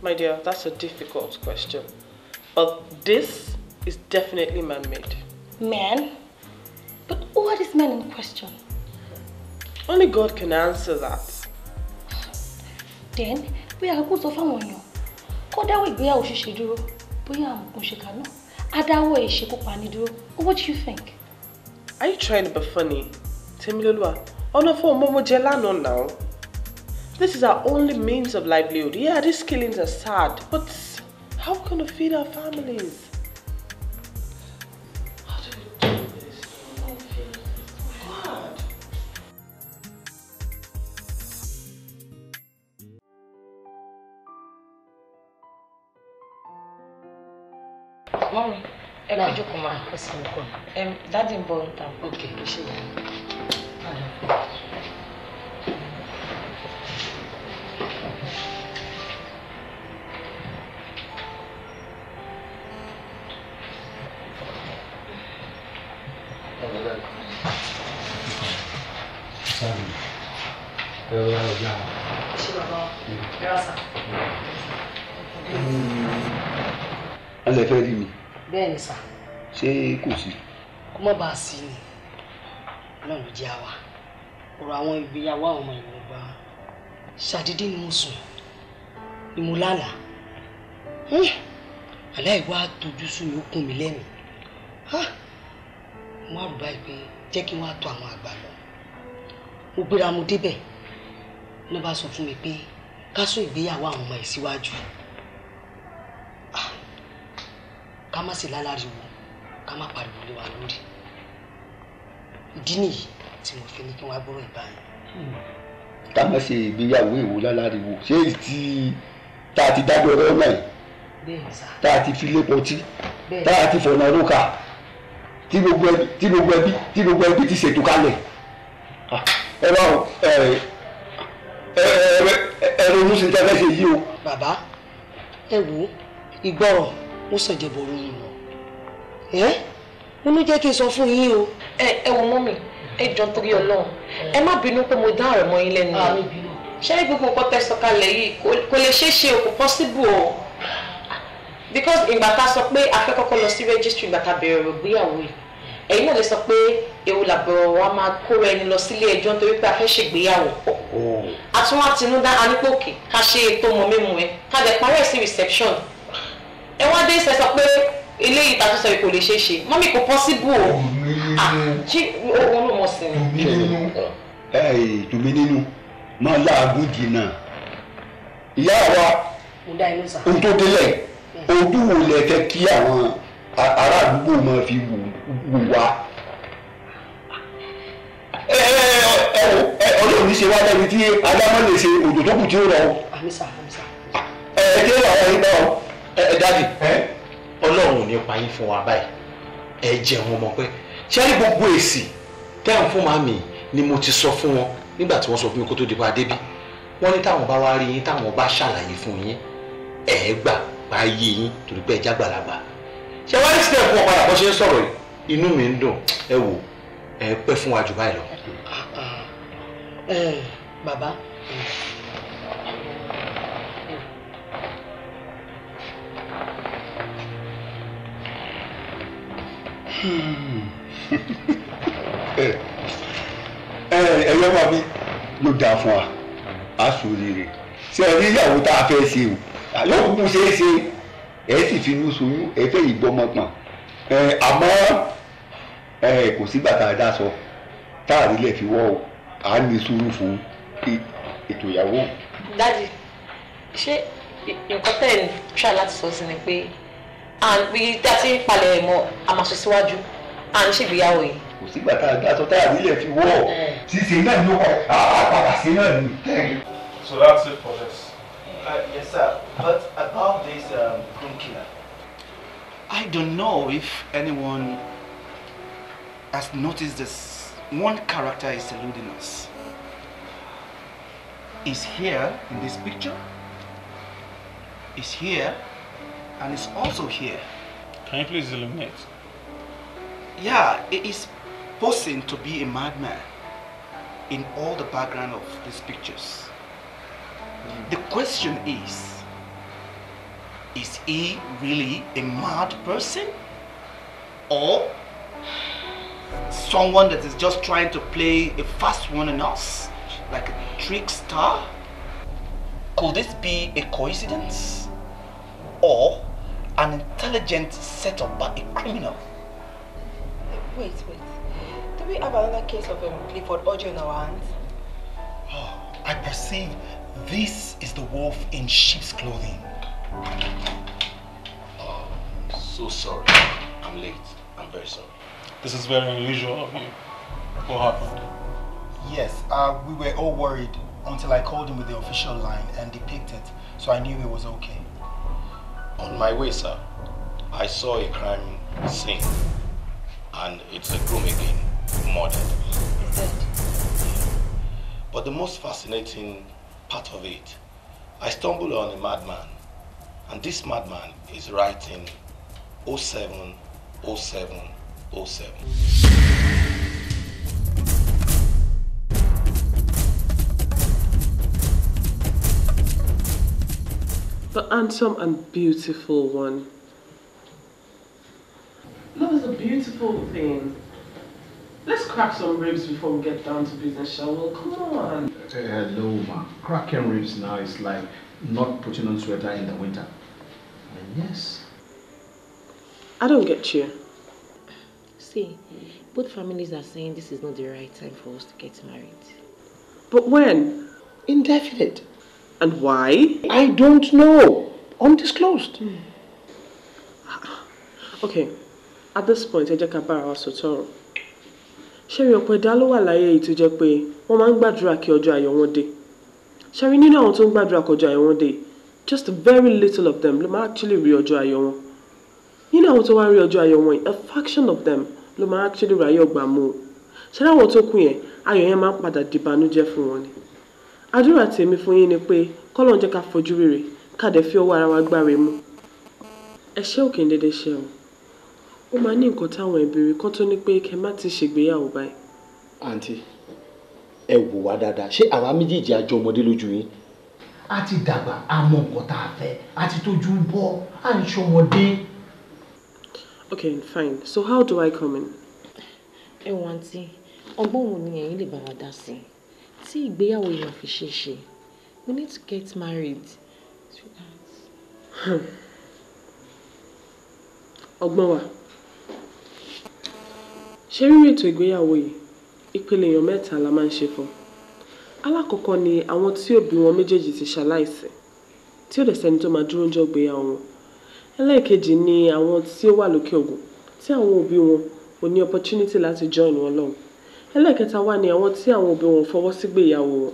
My dear, that's a difficult question. But this is definitely man-made. Man? But what is man in question? Only God can answer that. Then, we are going to good of our own. Kódà ìgbéyàwó ṣíṣe dúró, bóyá àmùkún ṣe kàná, adáwọ̀ ìṣekúpani dúró. What do you think? Are you trying to be funny? Tell me, Temilolua, ọ̀nà fún ọmọ mo jẹ lánàá now. This is our only means of livelihood. Yeah, these killings are sad, but how can we feed our families? Mami, ẹ kó jókòó máa. Ẹ sì ń kọ́. Dádì ń Ok, ṣe yẹn. lẹ fẹ́ rí mi. bẹ́ẹ̀ ni sà. ṣé kò sí. kó má bàa sí ni náà ló jẹ́ àwa ọ̀rọ̀ àwọn ìgbéyàwó àwọn ọmọ ìlú gba ṣàdédé ni mo sùn ni mo lálàá aláìwá tójú sú mi ó kún mi lẹ́nu mo á rò báyìí pé jẹ́ kí wọ́n á tọ àwọn àgbà lọ mo gbéra mo débẹ̀ ní wọ́n bá sọ fún mi pé ká sún ìgbéyàwó àwọn ọmọ ẹ̀ síwájú. Si ká má sì lálàríwo ká má pariwo lé wa lórí ìdí nìyí tí mo fi ní kí wọ́n á gbọ́rọ̀ ìbá yẹn. ká má ṣe ìgbéyàwó èwo lálàríwo ṣé èyí tí tá a ti dájọ́ ọ̀rọ̀ náà tá a ti fi lé pọtí tá a ti fọ̀nà ọdún ká tí gbogbo ẹbí tí gbogbo ẹbí tí gbogbo ẹbí ti ṣètò kalẹ̀ ẹ bá ẹ ẹ ẹ ronú sí tẹ́lẹ̀ ṣe yí o. bàbá ẹ wo ìgbọràn wọ́n sàn jẹ́ bọ̀rọ̀ nù ẹ́ inú jẹ́ kí n sọ fún yín o. ẹ ẹ wo mọ́mì ẹ jọ torí ọlọ́run ẹ má bínú pé mo dá ọ̀rọ̀ mọ́ yín lẹ́nu ṣé gbogbo nǹkan tẹ́ sọ kalẹ̀ yìí kò lè ṣeé ṣe kò pọ́síbù o because ìgbà tá a sọ pé a fẹ́ kọ́kọ́ lọ sí registry ìgbà tá a bẹ̀rẹ̀ ọ̀rọ̀ ìgbéyàwó yìí ẹ̀yin náà lè sọ pé èwo làbọ̀rọ̀ wa máa kóra ẹni lọ sílé ẹjọ́ nítorí pé a fẹ́ ṣègbéyàwó pọ̀ oh. àtúnwá anípòkè ká ṣe ètò mọ̀mẹ́mu ẹ ká dẹ̀ parẹ́ sí reception ẹ wá dé sẹ sọ pé eléyìí ta tó sọ yìí kò lè ṣeé ṣe mọ́mí kò pọ́síbù o ah, ṣé òun ló mọ̀ sí ni. tùmí nínú máa láàgùn jìnnà ìyá wa ohun tó délẹ̀ hmm. ojú wo lẹ fẹ́ kí àwọn ará àdúgbò máa fi wù wá ọlọ́run ṣe wá lẹ́bi tí adámọ́ lè ṣe òjò tó kù tí ó rọ. ẹ ẹ kí ló wà wọ́n yín náà ẹ dádì ọlọ́run ò ní pa yín fún wa báyìí ẹ jẹun ọmọ pé ṣé rí gbogbo èsì tẹ́ ń fún màmí ni mo ti sọ fún wọn nígbà tí wọ́n sọ fún mi kó tó di pa débí wọ́n ní táwọn bá wá rí yín táwọn bá ṣàlàyé fún yín ẹ gbà bá yé yín torí pé ẹ jágbàlagbà ṣé wọ́n rí sílẹ̀ fún ọ padà bó ṣe ń sọ̀rọ̀ yìí inú mi ń dùn ẹ wò ẹ pẹ́ fún wa jù báyìí lọ. Ah, ah. Eh, bàbá Hmm. Eh, eh, ẹyọ máa mi ló dáa fún wa a sùn rere ṣe ẹ rí ìyàwó tá a fẹ́ ṣe o yóò kúkú ṣe é ṣe ẹ sì fi inú soyún ẹ fẹ́ ìgbọ́mọ pọ̀n àmọ́ kò sígbà tá a tá a rí fi wọ́ o à ń ní sùúrù fún ètò ìyàwó. dádì ṣé nǹkan tẹ́ ẹ̀ ń ṣá láti sọ sí ni pé and bí tá a ti ń palẹ̀ mọ́ a à ń ṣègbéyàwó yìí. kò sígbà tá a gbé aṣọ táyà nílẹ̀ fi wọ́ ọ̀ ṣíṣe eh. náà ló kọ́ àpàdà sí náà ní So that's it for this. Uh, yes sir but about this um, room killer. I don't know if anyone has noticed this one character is eluding us. Is here in this picture. Is here and it's also here. Can you please illuminate? Yeah, it is posing to be a madman in all the background of these pictures. The question is, is he really a mad person? Or someone that is just trying to play a fast one on us, like a trickster? Could this be a coincidence? Or an intelligent setup by a criminal. Wait, wait. Do we have another case of um, Clifford Ojo in our hands? Oh, I perceive this is the wolf in sheep's clothing. Oh, so sorry. I'm late. I'm very sorry. This is very unusual of you. What happened? Yes, uh, we were all worried until I called him with the official line and they picked it, so I knew it was okay. On my way, sir, I saw a crime scene. And it's a groom again, murdered. He's dead. But the most fascinating part of it, I stumbled on a madman. And this madman is writing 07. the handsome and beautiful one. Love is a beautiful thing. Let's crack some ribs before we get down to business, shall we? Come on. Hello, ma. Cracking ribs now is like not putting on sweater in the winter. And yes. I don't get you. See, both families are saying this is not the right time for us to get married. But when? Indefinite. And why? I don't know. Undisclosed. Mm. Okay, at this point, ẹ jẹ́ ká bára wa sọ̀tọ̀ ọ̀rọ̀. Ṣẹ́rí ọ̀pọ̀ ẹ̀dá ló wà láyé èyí tó jẹ́ pé wọ́n máa ń gbàdúrà kí ọjọ́ ayọ̀ wọn dé. Ṣẹ́rí nínú àwọn tó ń gbàdúrà kọjọ́ ayọ̀ wọn dé, just very little of them ló máa actually rí ọjọ́ ayọ̀ wọn. Nínú àwọn tó wá rí ọjọ́ ayọ̀ wọn, a fraction of them ló máa actually ráyọ̀ gbà mú o. Ṣẹ́rí àwọn tó kù yẹn, ayọ̀ yẹn máa ń padà dìbànújẹ́ fún wọn ni àdúrà tèmi fún yín ni pé kọ́lọ́n jẹ́ ká fojú rere ká dẹ̀ fi ọwọ́ ara wa gbáre mu ẹṣẹ́ òkè ń dédé ṣe o ó máa ní nǹkan táwọn ìbéèrè kan tó ní pé kẹ má ti ṣègbéyàwó báyìí. àǹtí ẹ wò wá dáadáa ṣé àwa méjèèjì àjọ ọmọdé lójú yín a ti dàgbà a nǹkan tá a fẹ́ a ti tójú bọ́ à ń ṣọmọdé. okay fine so how do I come in. ẹ wọ àǹtí ọgbọ́n wo ni ẹ̀yin lè bá dá sí i tí ìgbéyàwó èèyàn fi ṣe ṣe we need to get married ọgbọ́n wa ṣé rírò ètò ìgbéyàwó yìí ìpele èèyàn mẹ́ta la máa ń ṣe fún alákọ̀ọ́kọ́ ni àwọn tí òbí wọn méjèèjì ti ṣaláìsí tí ó dẹ̀ sẹ́ni tó máa dúró ń jọ ìgbéyàwó wọn ẹlẹ́ẹ̀kejì ni àwọn tí ó wà lókè ògùn tí àwọn òbí wọn ò ní opportunity láti join wọn lọ́hùn Ẹlẹ́ẹ̀kẹta wá ni àwọn tí àwọn òbí wọn fọwọ́ sígbéyàwó wọn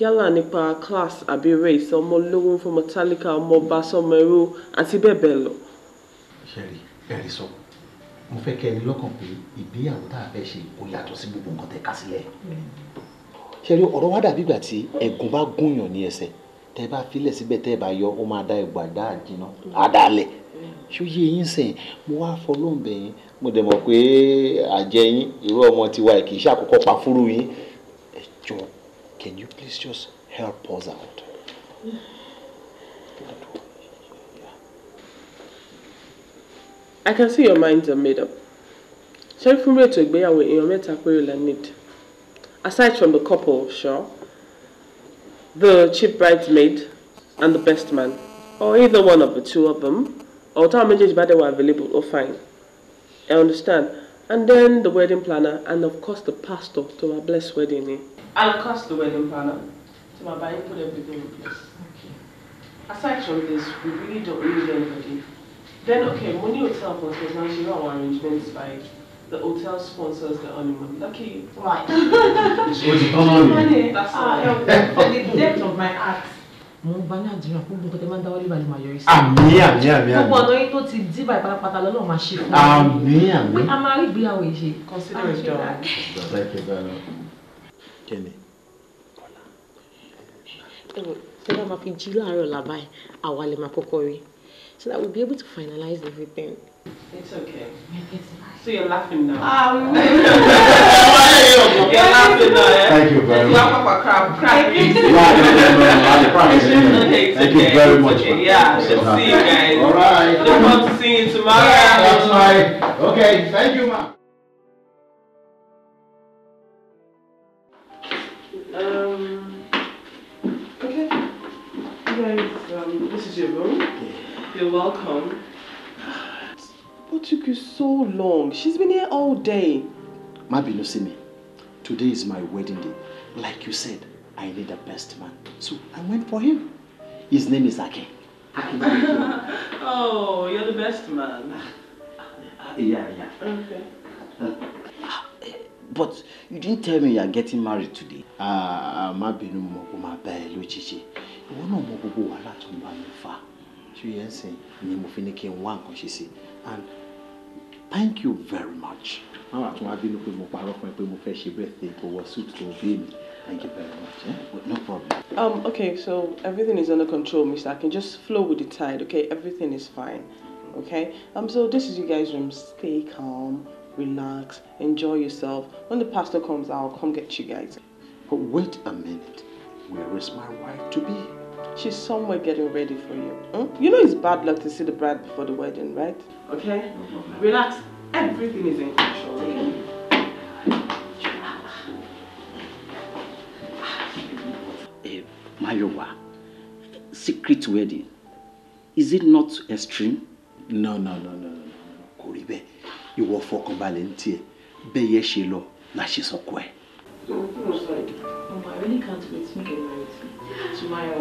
yálà nípa class àbí race ọmọ olówó fọmọ tálíkà ọmọ ọba sọmọ ẹrú àti bẹ́ẹ̀ bẹ́ẹ̀ lọ. ṣẹ́rí ẹ̀rí sọ mo fẹ́ kẹ́ ẹ ní lọ́kàn pé ìgbéyàwó tá a fẹ́ ṣe kò yàtọ̀ sí gbogbo nǹkan tẹ́ ká sílẹ̀. ṣẹ́rí ọ̀rọ̀ wá dàbí ìgbà tí ẹ̀gún bá gúnyàn ní ẹsẹ̀ tẹ́ bá filẹ̀ síbẹ̀ tẹ́ bá yọ ó máa dá ẹgbàá dáa jiná àdálẹ̀ ṣóyè yín sìn mo wá fọlọ́n bẹ̀ yín mo dẹ̀ mọ̀ pé àjẹ yín irú ọmọ tiwa kì í ṣe àkọ́kọ́ pa fúru yín ẹ jọ can you please just help us out. I can see your minds are made up. ṣé fún bí ètò ìgbéyàwó èèyàn mẹ́ta péré la need aside from the couple sure the chief bridesmaid and the best man or either one of the two of them. by they were available, oh fine. I understand. And then the wedding planner and of course the pastor to my blessed wedding. Eh? I'll of the wedding planner. to my buying put everything in place. Okay. Aside from this, we really don't need anybody. Then okay, Money Hotel sponsors now she our arrangements by the hotel sponsors the honeymoon. Lucky. Right. Money. That's ah, all. Uh, the depth of my heart. mo ń bá ní àdìrà fún gbogbo tẹ́tẹ́ máa ń dáwọ́ lé balẹ̀ máa yọrí sí. àmín àmín àmín àmín. gbogbo ọ̀nà yín tó ti dí báyìí pátápátá lọ́nà máa ṣe fún mi. àmín àmín. pé a máa rí ìgbéyàwó yìí ṣe. consider it done. kẹ́ni. ṣé wàá máa fi jí láàárọ̀ làbáyé àwa lè máa kọ́kọ́ rí so that we we'll be able to finalize everything. It's okay. So you're laughing now. Um, you're laughing now, eh? Thank you very much. Laugh up crap, crap. Thank you very much. Okay. Yeah, so yeah. see you guys. All right. Look forward to seeing you tomorrow. That's right. Okay, thank you, ma'am. Um, okay. guys, um, this is your room. You're welcome. What took you so long? She's been here all day. Má bínú sí today is my wedding day. Like you said, I need a best man. So I went for him. His name is Ake. oh, you're the best man. Ah, yeah, yeah. Okay. Ah, eh, but you didn't tell me you're getting married today. Ah, má bínú mo ko ma bá ẹ lójijì. Ìwọ náà mọ gbogbo wàhálà tó ń bá mi fà. Ṣé yẹn sìn ni mo fi ní kí n wá nǹkan And thank you very much. àwọn àtúnwá bínú have mo parọ́ fún ẹ birthday tó wọ suit tó bí thank you very much eh? no problem. Um, okay so everything is under control Mr. I can just flow with the tide okay everything is fine okay um, so this is you guys room stay calm relax enjoy yourself when the pastor comes I'll come get you guys. but wait a minute where is my wife to be she's somewhere getting ready for you. Hmm? You know it's bad luck to see the bride before the wedding, right? Okay? Relax. Everything is in control. Okay? Eh, hey, Mayowa, secret wedding, is it not extreme? No, no, no, no, no. no. rí bẹ́ẹ̀, ìwọ fọkàn balẹ̀ ní tiẹ̀, yẹ ṣe lọ, là ṣe sọkọ oh, I really can't wait to get married. Smile.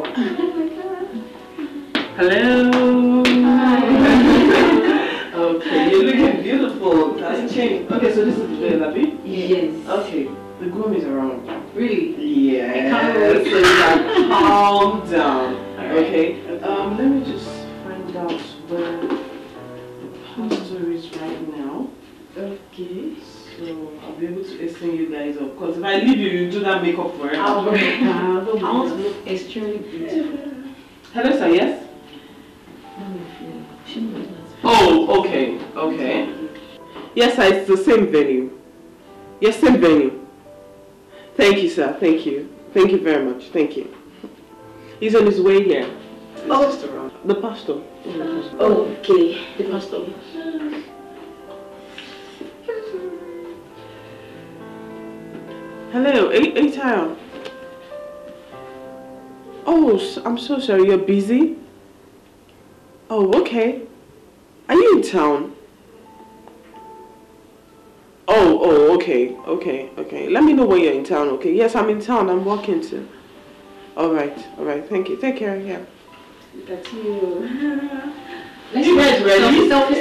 Hello. Hi. okay, you're looking beautiful. That's changed. Okay, so this is the day, Yes. Okay. The groom is around. Really? Yeah. Calm down. Right. Okay. Um, let me just find out where the pastor is right now. Okay. So I'll be able to extend you guys up. Because if I leave you, you do that makeup for I'll I want to look extremely beautiful. Hello, sir, yes? Oh, okay, okay. Yes, sir, it's the same venue. Yes, same venue. Thank you, sir, thank you. Thank you very much, thank you. He's on his way here. oh, the pastor. The pastor. Okay, the pastor. Hello, town? Oh, I'm so sorry, you're busy? Oh, okay. Are you in town? Oh, oh, okay, okay, okay. Let me know when you're in town, okay? Yes, I'm in town, I'm walking to. Alright, alright, thank you. Take care, yeah. That's you. you guys ready? You guys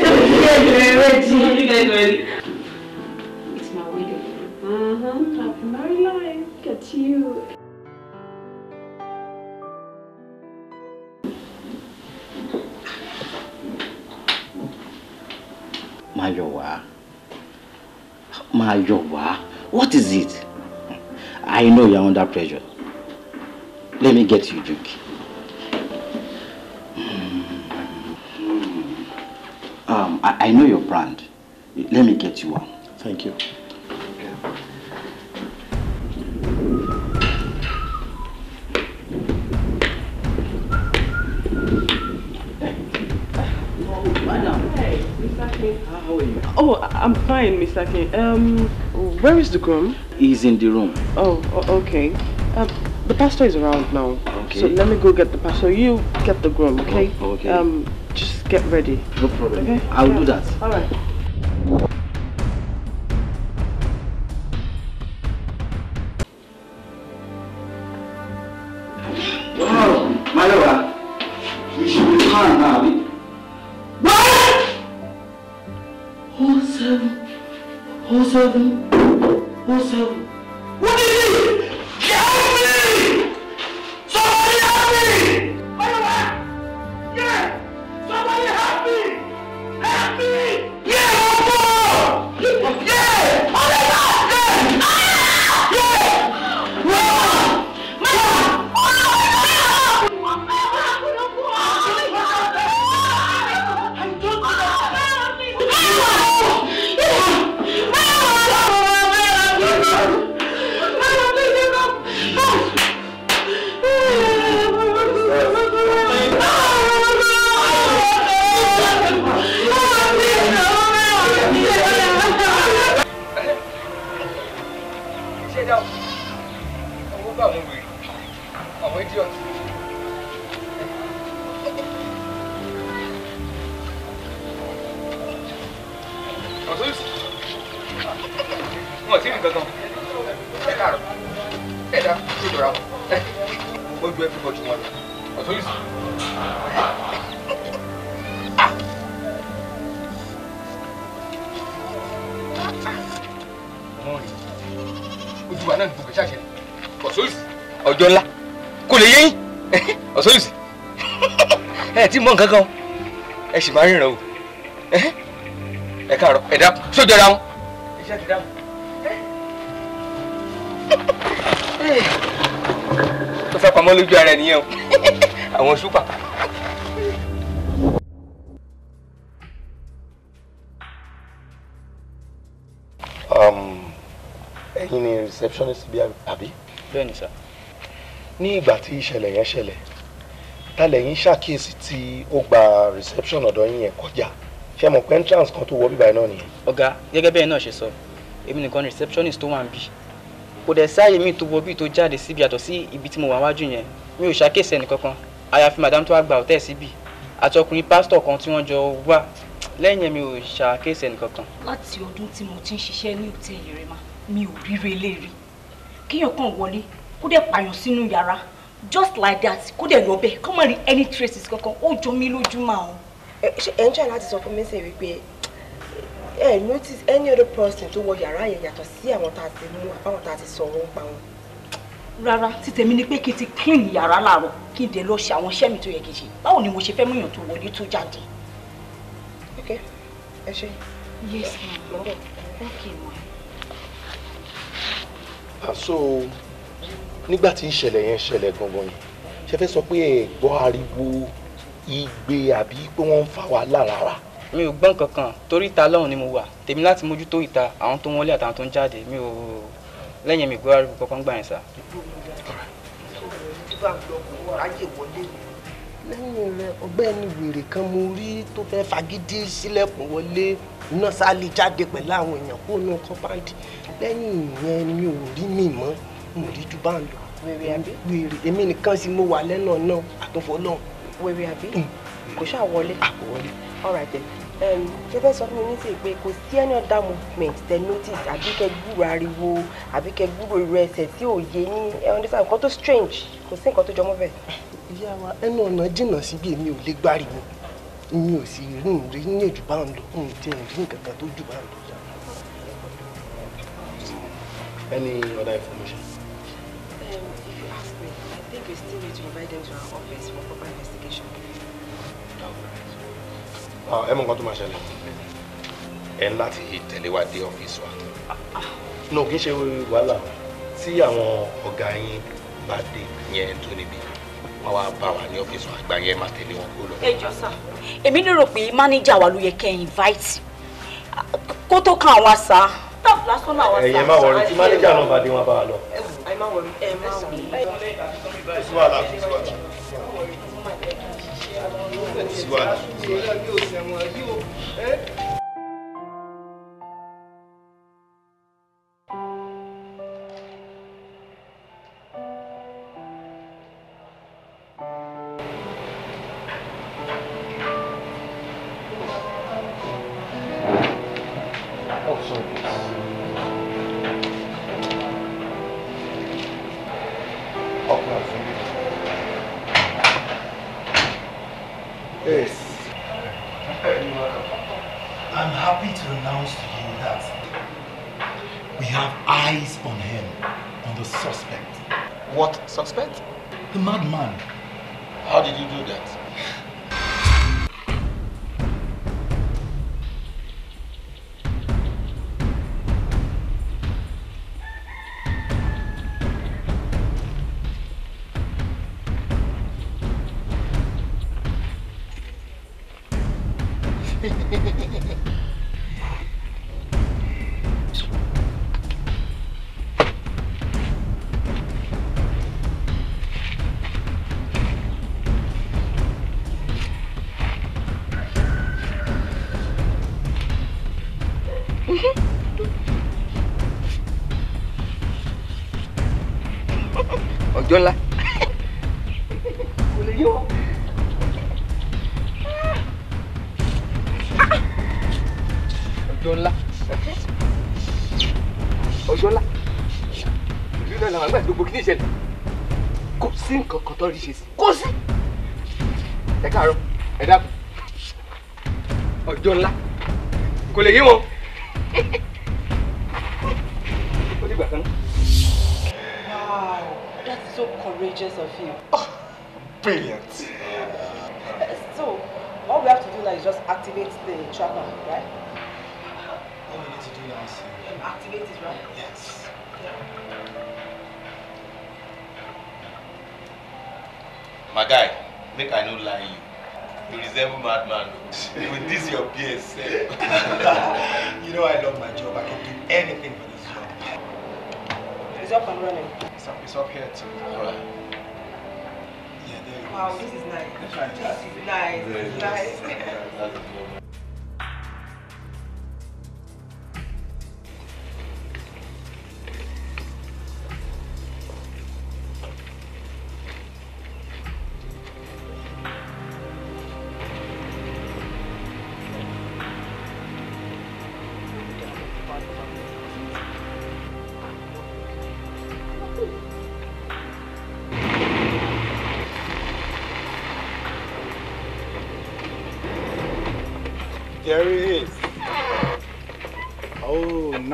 ready? -hmm. happy my life. Get you. Mayowa. Mayowa. What is it? I know you're under pressure. Let me get you drink. Mm. Um, I, I know your brand. Let me get you one. Thank you. Mr. King, how are you? Oh, I'm fine, Mr. King. Um, where is the groom? He's in the room. Oh, okay. Um, the pastor is around now. Okay. So let me go get the pastor. You get the groom, okay? Oh, okay. Um, just get ready. No problem. Okay? I'll yeah. do that. All right. Puxa, puxa. máa ríran o ẹ káàárọ̀ ẹ dákun sójú ara wọn. ẹ ṣe ti dáhùn. tó fẹ́ pamọ́ lójú ara ẹ o àwọn ṣúpà. Um, ẹ̀yin ni receptionist bí àbí. bẹ́ẹ̀ ni sá. ní ìgbà tí ìṣẹ̀lẹ̀ yẹn ṣẹlẹ̀ ta lẹ́yìn ṣàkíyèsí ti ó gba reception ọ̀dọ̀ yín yẹn kọjá ṣé mọ̀ pé entrance kan tó wọ bíbá iná nìyẹn. ọ̀gá gẹ́gẹ́ bẹ́ẹ̀ náà ṣe sọ èmi nìkan receptionist tó wà ń bì kò dẹ̀ sáàyè mi tó wọ bí tó jáde síbi àtọ̀ sí ibi tí mo wà wájú yẹn mi ò ṣàkíyèsí ẹnìkankan àyàfi madam tó wá gba hòtẹ́ẹ̀ síbi àti ọkùnrin pásítọ̀ kan tí wọ́n jọ wà lẹ́yìn mi ò ṣàkíyèsí ẹnìkankan. láti ọdún tí mo ti ń ṣiṣẹ́ ní hòtẹ́ẹ̀lì rẹ̀ ma mi ò ríre léèrè kíyàn kàn wọlé kó dẹ̀ pààyàn sínú yàrá just like that kó dẹ̀ lọ bẹ́ẹ̀ kọ́ mọ̀ rí any traces kankan ó jọ mí lójúmọ́ o. ẹ ń ṣe láti sọ fún mi ṣe wípé ẹ notice any other person tó wọ yàrá yẹn yàtọ̀ sí àwọn tá a ti mú àbáwọn tá a ti sọ wọn pa wọn. rárá ti tèmi ni pé kí n ti clean yàrá làárọ̀ kí n dẹ̀ lọ ṣe àwọn iṣẹ́ mi tó yẹ kí n ṣe báwo ni mo ṣe fẹ́ mú èèyàn tó wọlé tó jáde. ok ẹ ṣe. yes ma'am ok ma'am. Ah, so nígbà tí ìṣẹ̀lẹ̀ yẹn ṣẹlẹ̀ gangan yìí ṣe fẹ́ sọ pé ẹ gbọ́ ariwo igbe àbí pé wọ́n ń fa wàhálà rárá. mi ò gbọ́ nǹkan torí ìta lọ́hùn ni mo wà tèmi láti mójútó ìta àwọn tó ń wọlé àtàwọn tó ń jáde mi ò lẹ́yìn mi gbọ́ ariwo kankan gbà yẹn sà. lẹ́yìn rẹ ọ̀gbẹ́ni wèrè kan mo rí tó fẹ́ fagídí sílẹ̀kùn wọlé iná sálí jáde pẹ̀lú àwọn èèyàn kó nu kọ́páǹdì lẹ́yìn ìyẹn mi ò rí mi mọ́ mo rí ju bá ń lọ. wèrè àbí. wèrè èmi nìkan sì mo wà lẹ́nà náà àtúnfọ́ náà. wèrè àbí hmm. kò ṣáà wọlé. àkọwọlé. Ah, all right then ṣe fẹ́ sọ fún mi nísìnyí pé kò sí any other movement tẹ notice àbí kẹ gbúrò ariwo àbí kẹ gbúrò irú ẹsẹ̀ tí ò yé ní understand nǹkan tó strange kò sí nǹkan tó jọmọ́ bẹ́ẹ̀. ìyá wa ẹnu ọ̀nà jìnnà síbi èmi ò lè gbáriwo mi ò sì rí rí ní èjù bá ń lọ n tí n rí nǹkan kan tó jù bá ń lọ. any other information. to our office for proper investigation. Ah, ẹ mọ nǹkan tó máa ṣẹlẹ̀ ẹ ń láti tẹ̀lé wa dé ọ́fíìsì wa. no kì í ṣe wàhálà tí àwọn ọ̀gá yín bá dé yẹn tó níbí wọn wá bá wa ní ọ́fíìsì wa àgbà yẹn máa tẹ̀lé wọn kó lọ. ẹ jọ sà èmi invite Koto kawasa. kan àwa sá. staff lásán náà wá sá. ẹ̀yin má ẹ má wọlé ẹ má wọlé. síwáàlà síwáàlà síwáàlà.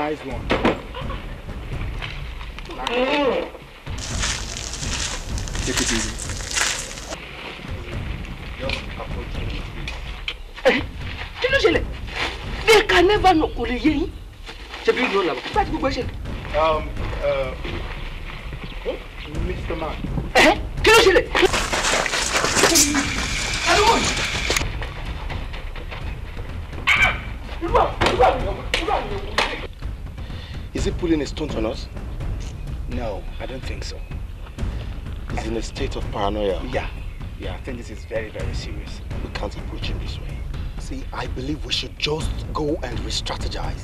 nice one. Take it easy. kí ló ṣẹlẹ̀ bí ẹ̀ka nẹ́bà náà kò lè yé yín ṣebí ìlú ọ̀làwọ̀ kí bá ti gbogbo ẹ̀ Mr. Um, uh, oh, Man. kí ló ṣẹlẹ̀. he pulling a stunt on us? No, I don't think so. He's in a state of paranoia. Yeah. Yeah, I think this is very, very serious. We can't approach him this way. See, I believe we should just go and re-strategize.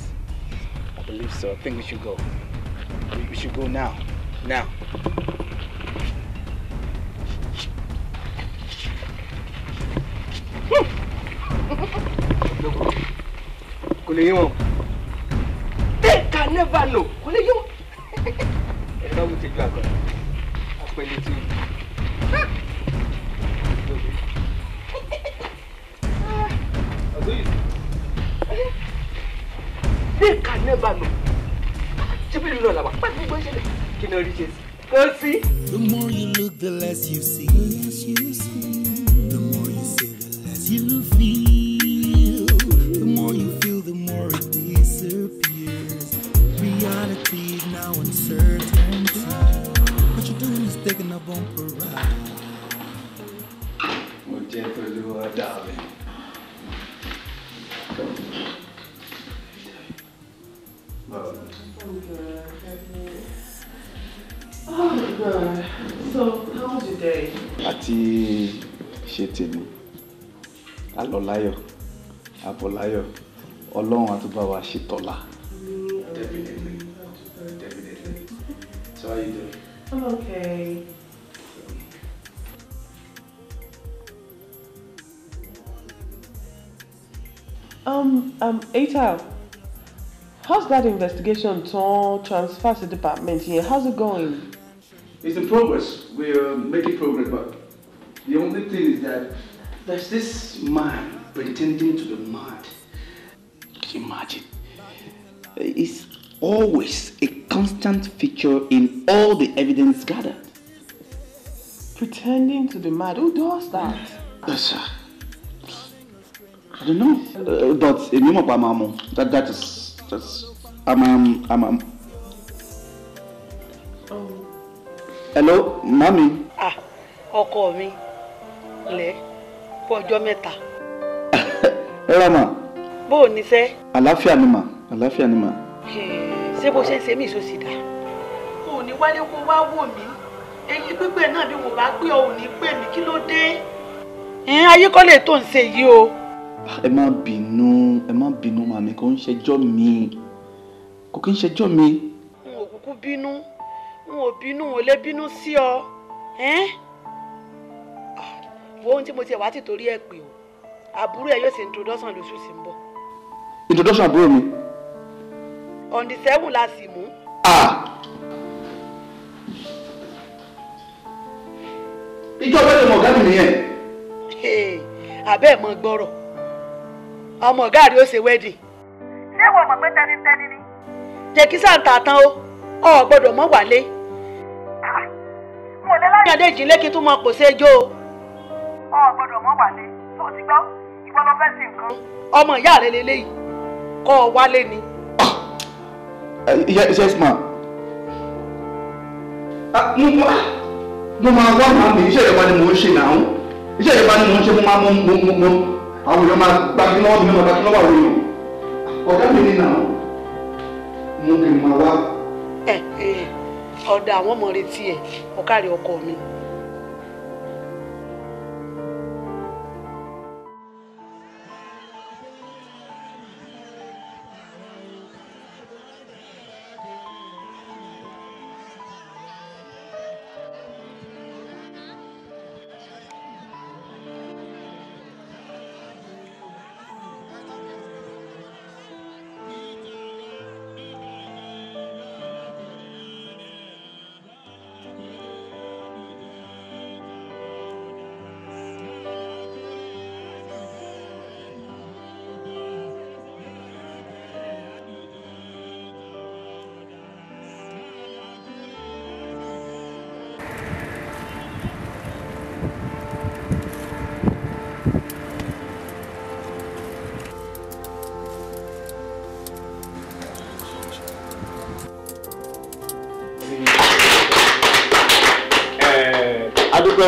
I believe so. I think we should go. We, should go now. Now. Kuliyo. that investigation to all the department here? How's it going? It's in progress. We're making progress, but the only thing is that there's this man pretending to be mad. Imagine. It's always a constant feature in all the evidence gathered. Pretending to be mad? Who does that? Yes, sir. I don't know. Uh, but Enumapa uh, Mamo, that, that is that's I'm, um, I'm, I'm. Um. Oh. Hello, mami. Ah, ọkọ mi lẹ fún ọjọ́ mẹ́ta. Ẹ rà mà. Bó o ní sẹ́? Àlàáfíà ni mà, àlàáfíà ni mà. Ṣé bó ṣe ń ṣe mí ìṣó sì dá? O ò ní wálé kó wá wò mí. Eyín gbígbẹ náà bí mo bá gbé ọ ò ní pè mí kí ló dé? Ìhìn ayé kọ́ lè tó ń ṣe yìí o. Ẹ má bínú, ẹ má bínú màmí kò ń ṣẹjọ́ mi kò kí ń ṣẹjọ́ mi. n ò kúkú bínú n ò bínú n ò lè bínú sí ọ wo ohun tí mo ti wá ti torí ẹ pé o àbúrò ẹ yóò ṣe introduction lóṣù tí ń bọ̀. introduction àbúrò mi. on the seven la sì mú. ìjọ bẹ́ẹ̀ mọ̀ ọ̀gá mi nìyẹn. àbẹ́ ẹ̀ mọ gbọ́rọ̀ ọmọ ọ̀gá rẹ̀ ó ṣe wedding. ṣé wọ́n mọ̀ pé tẹnitẹni ni jẹ́ kí ta o ọ gbọ́dọ̀ mọ́ wálé. mo lè tún o. ọ gbọ́dọ̀ mọ́ wálé tó ti gbọ́ ìwọ lọ fẹ́ sí nǹkan. ọmọ ìyá rẹ ọ wálé ni. yes ma. Ah, mo máa wá màá mi iṣẹ́ ni mò ń ṣe náà iṣẹ́ ni mò ń ṣe mo máa àwọn èèyàn máa mi mú kí n máa wá. ẹ ẹ ọ̀dọ̀ àwọn ọmọ retí ẹ̀ ọ̀kàrí ọkọ mi.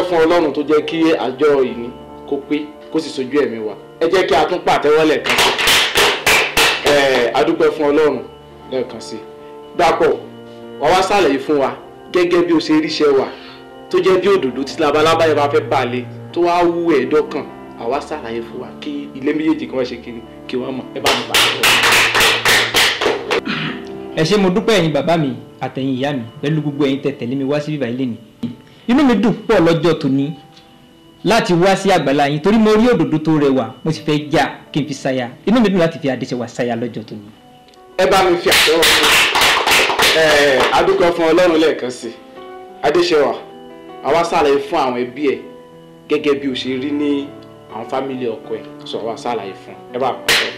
fún ọlọ́run tó jẹ́ kí àjọ ìní kó pé kó sì sojú ẹ̀mí wa ẹ jẹ́ kí a tún pàtẹ́wọ́ lẹ́ẹ̀kan sí a dúpẹ́ fún ọlọ́run lẹ́ẹ̀kan sí dàpọ̀ wà wá sàlàyé fún wa gẹ́gẹ́ bí o ṣe ríṣẹ́ wa tó jẹ́ bí òdòdó tí labalábá yẹn bá fẹ́ balẹ̀ tó wá wú ẹ̀ẹ́dọ́kàn àwa sàlàyé fún wa kí ilé méjèèjì kan ṣe kiri kí wọ́n mọ̀ ẹ bá mi pàtẹ́wọ́. ẹ ṣé mo dúpẹ́ ẹ̀yin bàbá mi àtẹ̀yin ìyá mi pẹ̀lú gbogbo ẹ̀yin tẹ̀tẹ̀lé mi wá sí bíbá ilé mi inú mi dùn pọ̀ lọ́jọ́ tòní láti wá sí àgbàlá yín torí mo rí òdòdó tó rẹwà mo sì fẹ́ já kí n fi ṣaya inú mi dùn láti fi Adéṣewà ṣaya lọ́jọ́ tòní. ẹ bá mi fi àtẹ́wọ́ fún ẹ adúgbò fún Ọlọ́run lẹ́ẹ̀kan sí Adéṣewà àwa ṣàlàyé fún àwọn ẹbí ẹ gẹ́gẹ́ bí o ṣe rí ní àwọn fámìlì ọkọ ẹ sọ àwa ṣàlàyé fún ẹ bá pàṣẹ.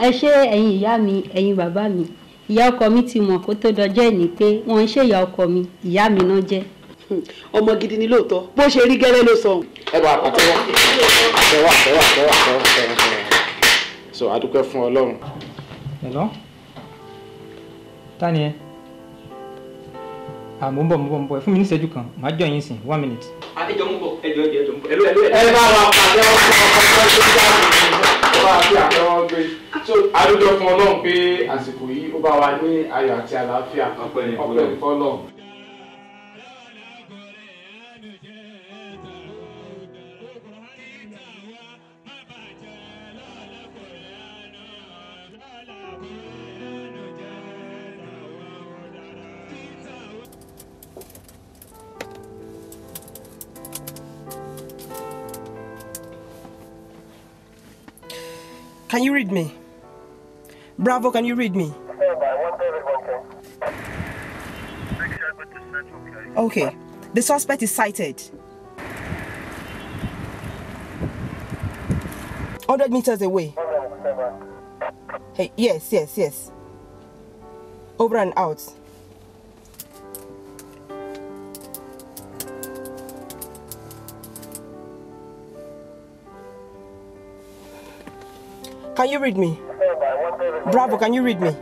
ẹ ṣé ẹ̀yin ìyá mi ẹ̀yin bàbá mi ìyá ọkọ mi ti mọ̀ kó tó dọjọ́ ẹ̀ ní pé wọ́n ń ṣèyà ọkọ mi ìyá mi náà jẹ́. ọmọ gidi ni lóòótọ́ bó ṣe rí gẹ́lẹ́ ló sọ. ẹ bá àtẹ́wọ́ àtẹ́wọ́ àtẹ́wọ́ àtẹ́wọ́ àtẹ́wọ́ so adúpẹ́ fún Ọlọ́run. hello Tani? ni ẹ à mò ń bọ̀ mò ń bọ̀ mò ń bọ̀ fún mi ní ìṣẹ́jú kan màá jọ yín sìn one minute. àtijọ́ ń bọ̀ ẹjọ́ ẹjọ́ ẹjọ́ ń bọ̀ ẹ bá wa pàdé ọkọ̀ ọkọ̀ ọkọ̀ ọkọ̀ bá a fi àtẹ́wọ́ gbé so adúgbò fún ọlọ́run pé àsìkò yìí ó bá wa ní ayọ̀ àti àlàáfíà ọpẹ́ ìfọlọ́run. Can you read me? Bravo, can you read me? Okay. The suspect is sighted. 100 meters away. Hey, yes, yes, yes. Over and out. can you read me? Bravo, can you read me?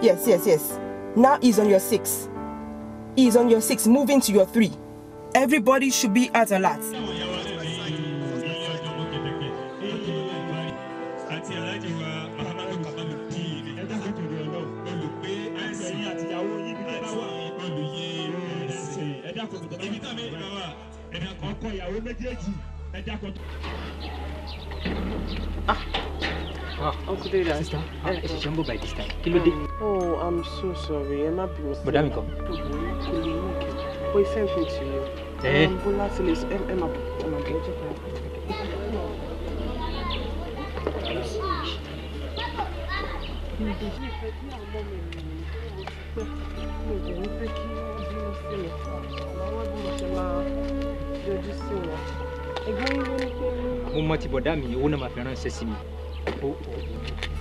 Yes, yes, yes. Now he's on your six. He's on your six, moving to your three. Everybody should be at a Ah. ọkùnrin sista ẹ ṣiṣẹ́ ń bọ̀ báyìí this time kí ló oh i'm so sorry I'm má bínú sí. bọ̀dá mi kan. kò lè mú kí boyfriend I'm going to. ẹ ẹ bọ́lá ti lè sọ ẹ má bọ̀ ẹ má bọ̀ ẹ jẹ́ kọ́. mo mọ ti bọ̀dá mi owó náà máa fẹ́ràn ṣe sí mi. Oh, oh, oh.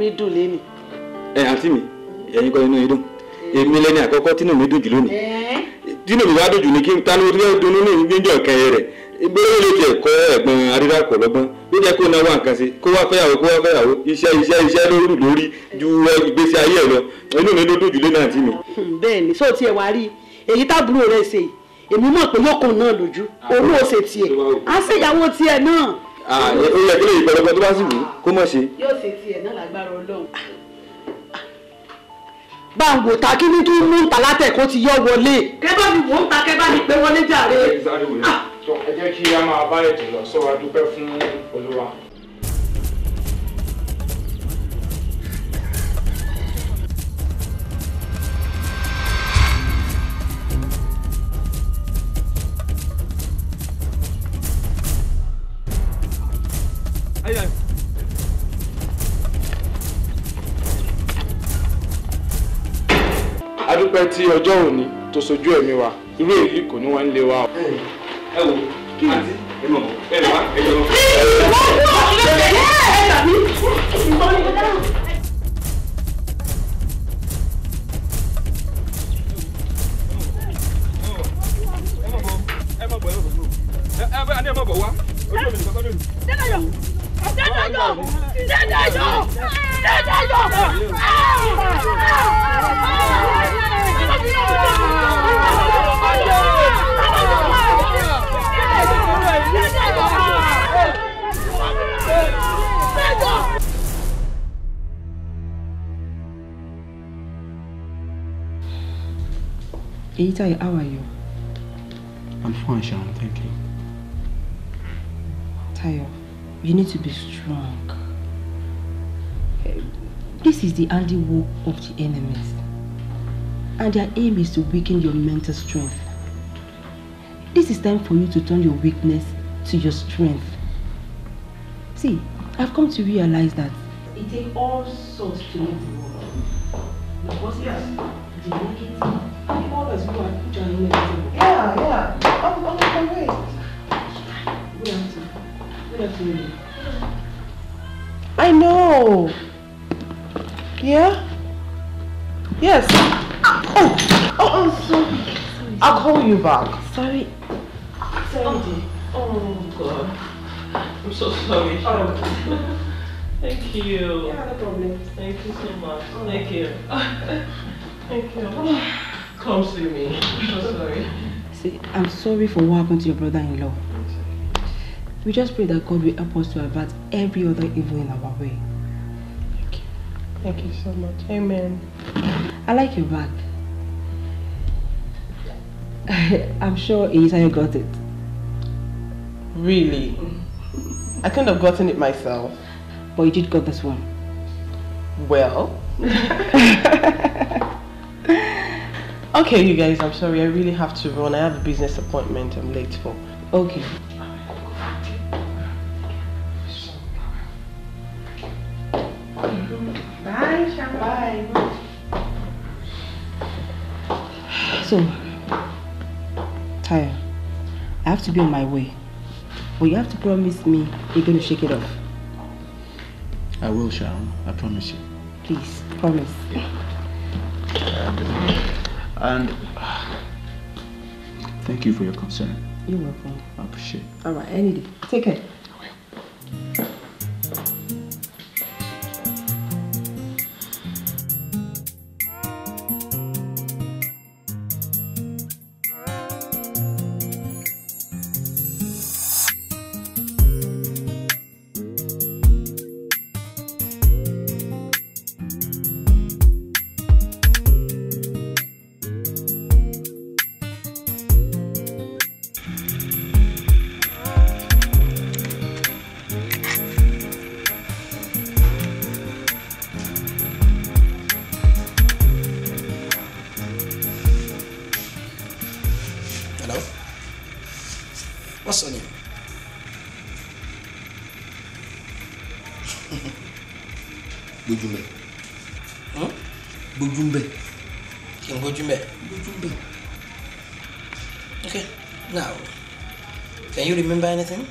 mi dùn lẹ́nu. ẹ àǹtí mi ẹ̀yin kọ́ inú yín dùn èmi lẹ́ni àkọ́kọ́ tínú mi dùn jù lónìí tínú mi wá dùn jù ní kí n ta ló rí ọdún nínú ìgbẹ́jọ́ kẹrin rẹ̀ bóyá ló tiẹ̀ kọ́ ẹ̀gbọ́n arírà kọ̀ lọ́gbọ́n ló jẹ́ kó náwó nǹkan sí kó wá fẹ́yàwó kó wá fẹ́yàwó iṣẹ́ iṣẹ́ iṣẹ́ ló rù lórí ju ìgbésí ayé ẹ̀ lọ inú mi ló dùn jù lé náà àǹtí mi. Hmm, bẹ́ẹ̀ ni sóòtì ẹ̀ wá rí èyí tábùrò rẹ̀ ṣe èmi mọ̀ pé yókùn náà lójú ah, owó ṣe tiẹ̀ á ṣèyàwó tiẹ̀ náà Ah, ó yẹ kí lè ìpẹ̀lẹ́pẹ̀ tó bá sì wù kó mọ̀ ṣe. yóò ṣe tiẹ̀ náà lágbára ọlọ́run. báwo ta kí ni tún mú ta látẹ̀ kó ti yọ wọlé. kẹ́bá mi wò ó ta kẹ́bá mi pé wọlé jàre. Ah. ẹ jẹ́ kí a máa bá ètò lọ sọ́wọ́ dúpẹ́ fún olúwa. dúpẹ́ tí ọjọ́ òní tó sojú ẹ̀mí wa irú èyí kò ní wọ́n ń lé wa. ẹ wo àǹtí ẹ mọ̀ ẹ wá ẹ jọ. Dẹ́dayọ̀! Dẹ́dayọ̀! Dẹ́dayọ̀! Dẹ́dayọ̀! Itai, how are you? I'm fine, Sharon, thank you. Tayo, you need to be strong. This is the handiwork of the enemies. And their aim is to weaken your mental strength. This is time for you to turn your weakness to your strength. See, I've come to realize that it takes all sorts to make the world. Because yes. the negative i always one joining Yeah, yeah. I'm, I'm on my way. Good afternoon. Good afternoon. I know. Yeah? Yes. Oh, oh I'm sorry. sorry. I'll call you back. Sorry. Sorry, oh. oh, God. I'm so sorry. Oh. Thank you. Yeah, no problem. Thank you so much. Oh. Thank you. Oh, Thank you. Oh. Come see me. I'm sorry. See, I'm sorry for what happened to your brother-in-law. We just pray that God will help us to avert every other evil in our way. Thank you. Thank you so much. Amen. I like your bag. I'm sure Isaiah got it. Really? I couldn't have gotten it myself. But you did got this one. Well. Okay, you guys, I'm sorry. I really have to run. I have a business appointment I'm late for. Okay. Bye, Sharon. Bye. So, Taya, I have to be on my way. But you have to promise me you're going to shake it off. I will, Sharon. I promise you. Please, promise. Yeah. And uh, thank you for your concern. You're welcome. I appreciate it. All right, I need Take care. gbójú mbẹ hm? gbójú mbẹ kí n gbójú mbẹ gbójú okay now can you remember anything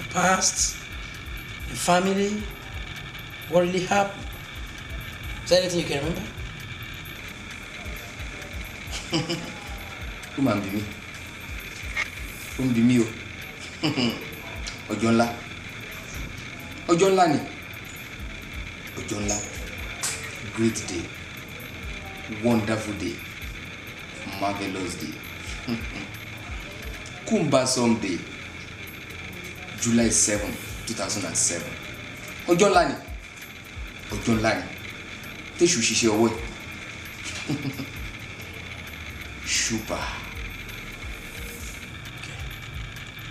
the past the family what really happened is there anything you can remember. ó máa ń bí mi ó ń bí mi o ọjọ́ ńlá ọjọ́ ńlá ni ọjọ́ ńlá great day wonderful day marvelous day kumba sunday july seven two thousand and seven ọjọ́ ńlá ni ọjọ́ ńlá ni tẹ̀sù ṣiṣẹ́ ọwọ́ ẹ̀ ṣùpà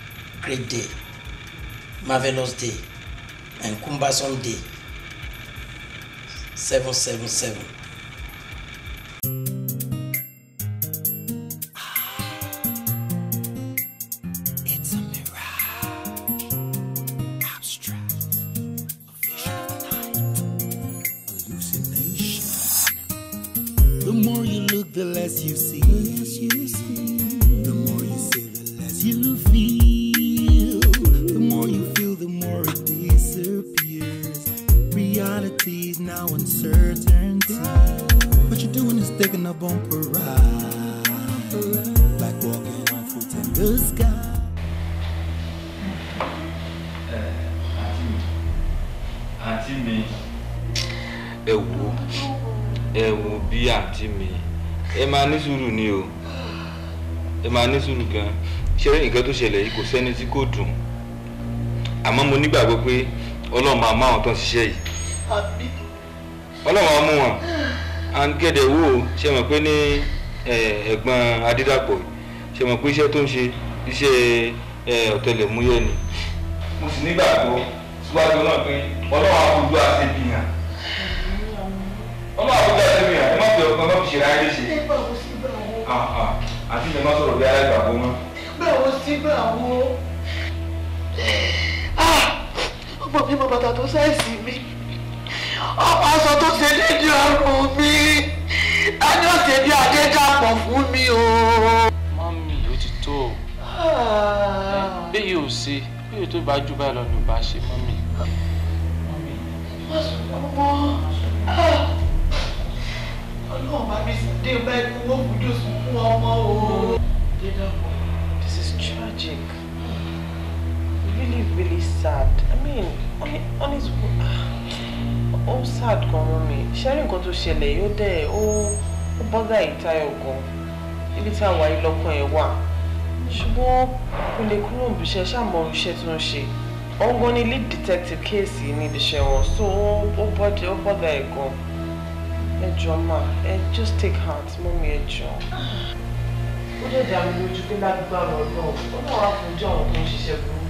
great day marvelous day and cumbersome day 777. ṣẹlẹ̀ yìí kò sẹ́ni tí kò dùn àmọ́ mo nígbàgbọ́ pé ọlọ́run máa mú àwọn tó ń ṣiṣẹ́ yìí ọlọ́run máa mú wọn à ń gẹ̀dẹ̀ wò ó ṣe mọ̀ pé ní ẹ̀gbọ́n adídàpọ̀ ṣe mọ̀ pé iṣẹ́ tó ń ṣe iṣẹ́ ọ̀tẹlẹ̀múyẹ́ ni mo sì nígbàgbọ́ síwájú náà pé ọlọ́run àkójú àṣebìyàn ọlọ́run àkójú àṣebìyàn ẹ má fi ọkàn náà fi ṣe ráyé ṣe àti ìyẹn má sọ̀rọ̀ bí aláìgbàgbọ́ mọ́ sígbà wo ah! ọmọ mi mọ bàtà tó sáìsì mi ọmọ aṣọ tó ṣe déédéé ọrùn mi a ọ̀sẹ̀ bí adé dàpọ̀ fún mi o. mọ́mí ó ti tó o ah! bẹ́ẹ̀ ò ṣe bẹ́ẹ̀ tó bá jù báyìí lọ ni ò bá ṣe mọ́mí. má ah! ọlọ́run bá mi dé bá ikú wọ́n kúndùn sùn fún ọmọ o. adé dàpọ̀. really really sad i mean honest oh, sad gan mọ́ mi ṣẹ́rí nǹkan tó ṣẹlẹ̀ yóò dẹ̀ ó bọ́dà ìtayọ̀ gan ibi tí àwa yìí lọ́kàn you want? ṣùgbọ́n when they kúrò níbi iṣẹ́ ṣàmọ́ iṣẹ́ tó ń ṣe òun gan ni lead detective kéèsì níbi iṣẹ́ wọn so ó bother ó bọ́dà ẹ̀ gan ẹ jọ̀ọ́ ma just take heart mommy. ẹ jọ̀ọ́ ah. ó dẹ̀ dàbí lójú pé lágbára ọlọ́run ó náà wá fojú àwọn tó ń ṣiṣẹ́ burú.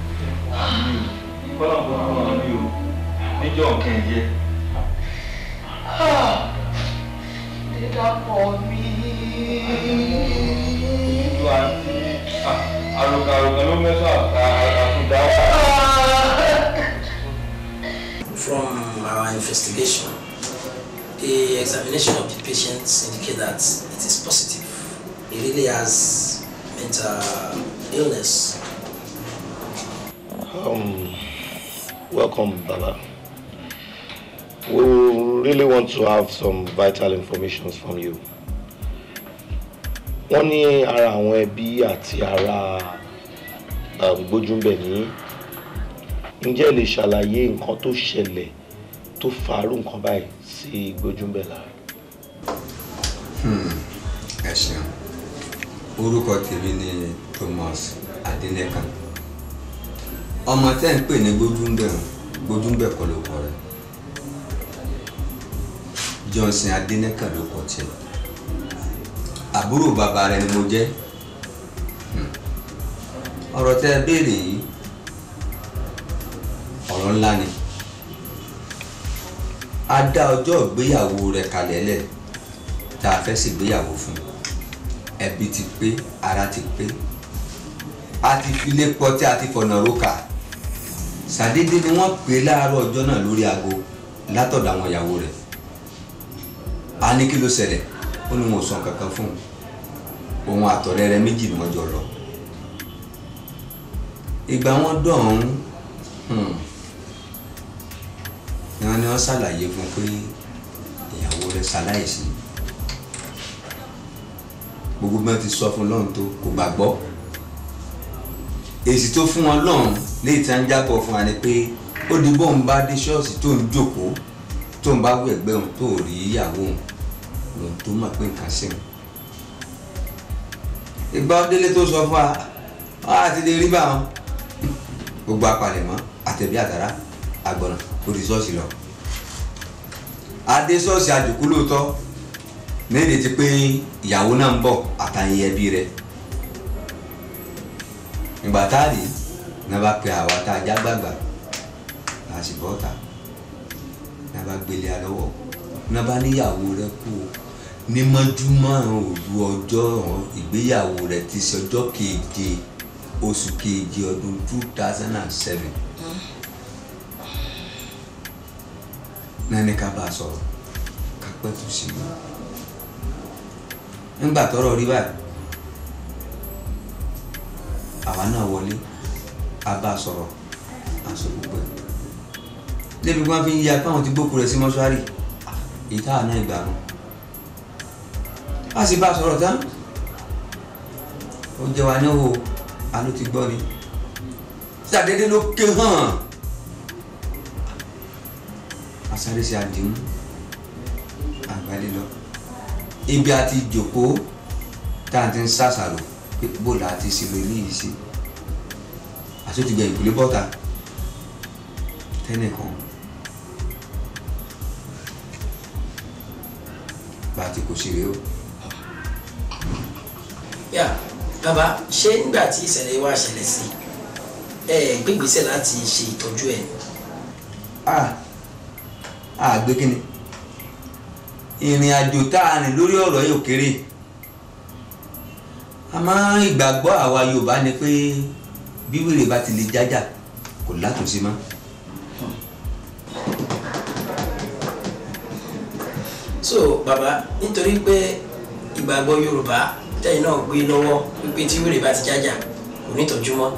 From our investigation, the examination of the patients indicate that it is positive. He really has mental illness. Um, welcome, Baba. We really want to have some vital information from you. Wọ́n ní ara àwọn ẹbí àti ara um, gbójúmbẹ̀ ní. Ǹjẹ́ lè ṣàlàyé nǹkan tó ṣẹlẹ̀ tó fàárù nǹkan báyìí sí gbójúmbẹ̀ lára? Hmm, ẹ ṣeun, orúkọ tèmi ni Thomas Adénẹ́kan ọmọ tẹ́ ń pè ní gbójúmbẹ̀ gbójúmbẹ̀ kọ́ ló kọ rẹ̀ Johnson Adénẹ́kàn ló kọ tiẹ̀ àbúrò bàbá rẹ̀ ni mo jẹ́ hmm. ọ̀rọ̀ tẹ́ béèrè yìí ọ̀rọ̀ ńlá ni a dá ọjọ́ ìgbéyàwó rẹ̀ kalẹ̀ lẹ̀ tá a fẹ́ ṣègbéyàwó fún ẹbí ti pé ara ti pé a ti fi lé pọtí a ti fọ̀nà rókà ṣàdédé ni wọ́n pè láàárọ̀ ọjọ́ náà lórí aago látọ̀dọ̀ àwọn ìyàwó rẹ̀ a ní kí ló ṣẹlẹ̀ ó ní wọn ò sọ kankan fún un òun àtọ̀rẹ́ rẹ̀ méjì ni wọ́n jọ lọ ìgbà wọn dọ̀hún hmm, ni wọn ni wọn ṣàlàyé fún pé ìyàwó rẹ̀ ṣaláìsí gbogbo bí wọn ti sọ fún lọ́run tó kò gbàgbọ́ èsì tó fún wọn lọ́hùn léyìí tí wọ́n ń jápọ̀ fún wa ni pé ó di bóun bá dé ṣọ́ọ̀ṣì tó ń jókòó tó ń bá wọ ẹgbẹ́ òun tó rí ìyàwó òun lòun tó mọ̀ pé nǹkan ṣe òun. ìgbà délé tó sọ fún wa wọ́n á ti lè rí báwọn gbogbo apalẹ̀mọ́ àtẹ̀bí àtàrà àgbọ̀nà ó di ṣọ́ọ̀ṣì lọ. adé ṣọ́ọ̀ṣì àjòkú lóòótọ́ ní èdè ti pé ìyàwó náà ń bọ̀ àtàyè ẹbí rẹ̀ ìgbà tá a rí ní bá pe àwa tá a já gbàgbà a sì bọ́ ta ní bá gbélé a lọ́wọ́ ní bá níyàwó rẹ kú o ní mọ́júmọ́ òru ọjọ́ ìgbéyàwó rẹ ti ṣe ọjọ́ keje oṣù keje ọdún two thousand and seven nani ká bá a sọ̀rọ̀ ká pẹ́ tó sí i nígbà tọ́rọ̀ rí báyìí àwa náà wọlé a bá a sọ̀rọ̀ à ń sọ gbogbo ẹ̀ débi wọn fi ń ya káwọn ti gbókù rẹ̀ sí mọ́ṣúárì ìta àná ìgbàanu a sì bá a sọ̀rọ̀ tán ó jẹ wa náà o àánú ti gbọ́ ni sàdédé ló ké hàn asáré sí àdéhùn àgbálẹ̀ lọ ibi àti ìjòkó tá à ń ti ń sàṣàrò bó la ti ṣèlò eléyìí sí àti ó ti gba ìpìlẹ̀ bọ́ta tẹ́nìkan bá a ti kò ṣeré o. yà bàbá ṣé nígbà tí ìṣẹ̀lẹ̀ wa ṣẹlẹ̀ sí ẹ gbégbèsè láti ṣe ìtọ́jú ẹ̀. a a gbé ìrìn àjò tá a rìn lórí ọ̀rọ̀ yìí kéré àmọ́ ìgbàgbọ́ àwa Yorùbá ni pé bí wèrè bá ti lè jájà kò látúnṣe mọ́. so baba nítorí pé ìgbàgbọ́ Yorùbá tẹ̀yìn náà gbé lọ́wọ́ wípé tí wèrè bá ti jájà kò ní tọ́jú mọ́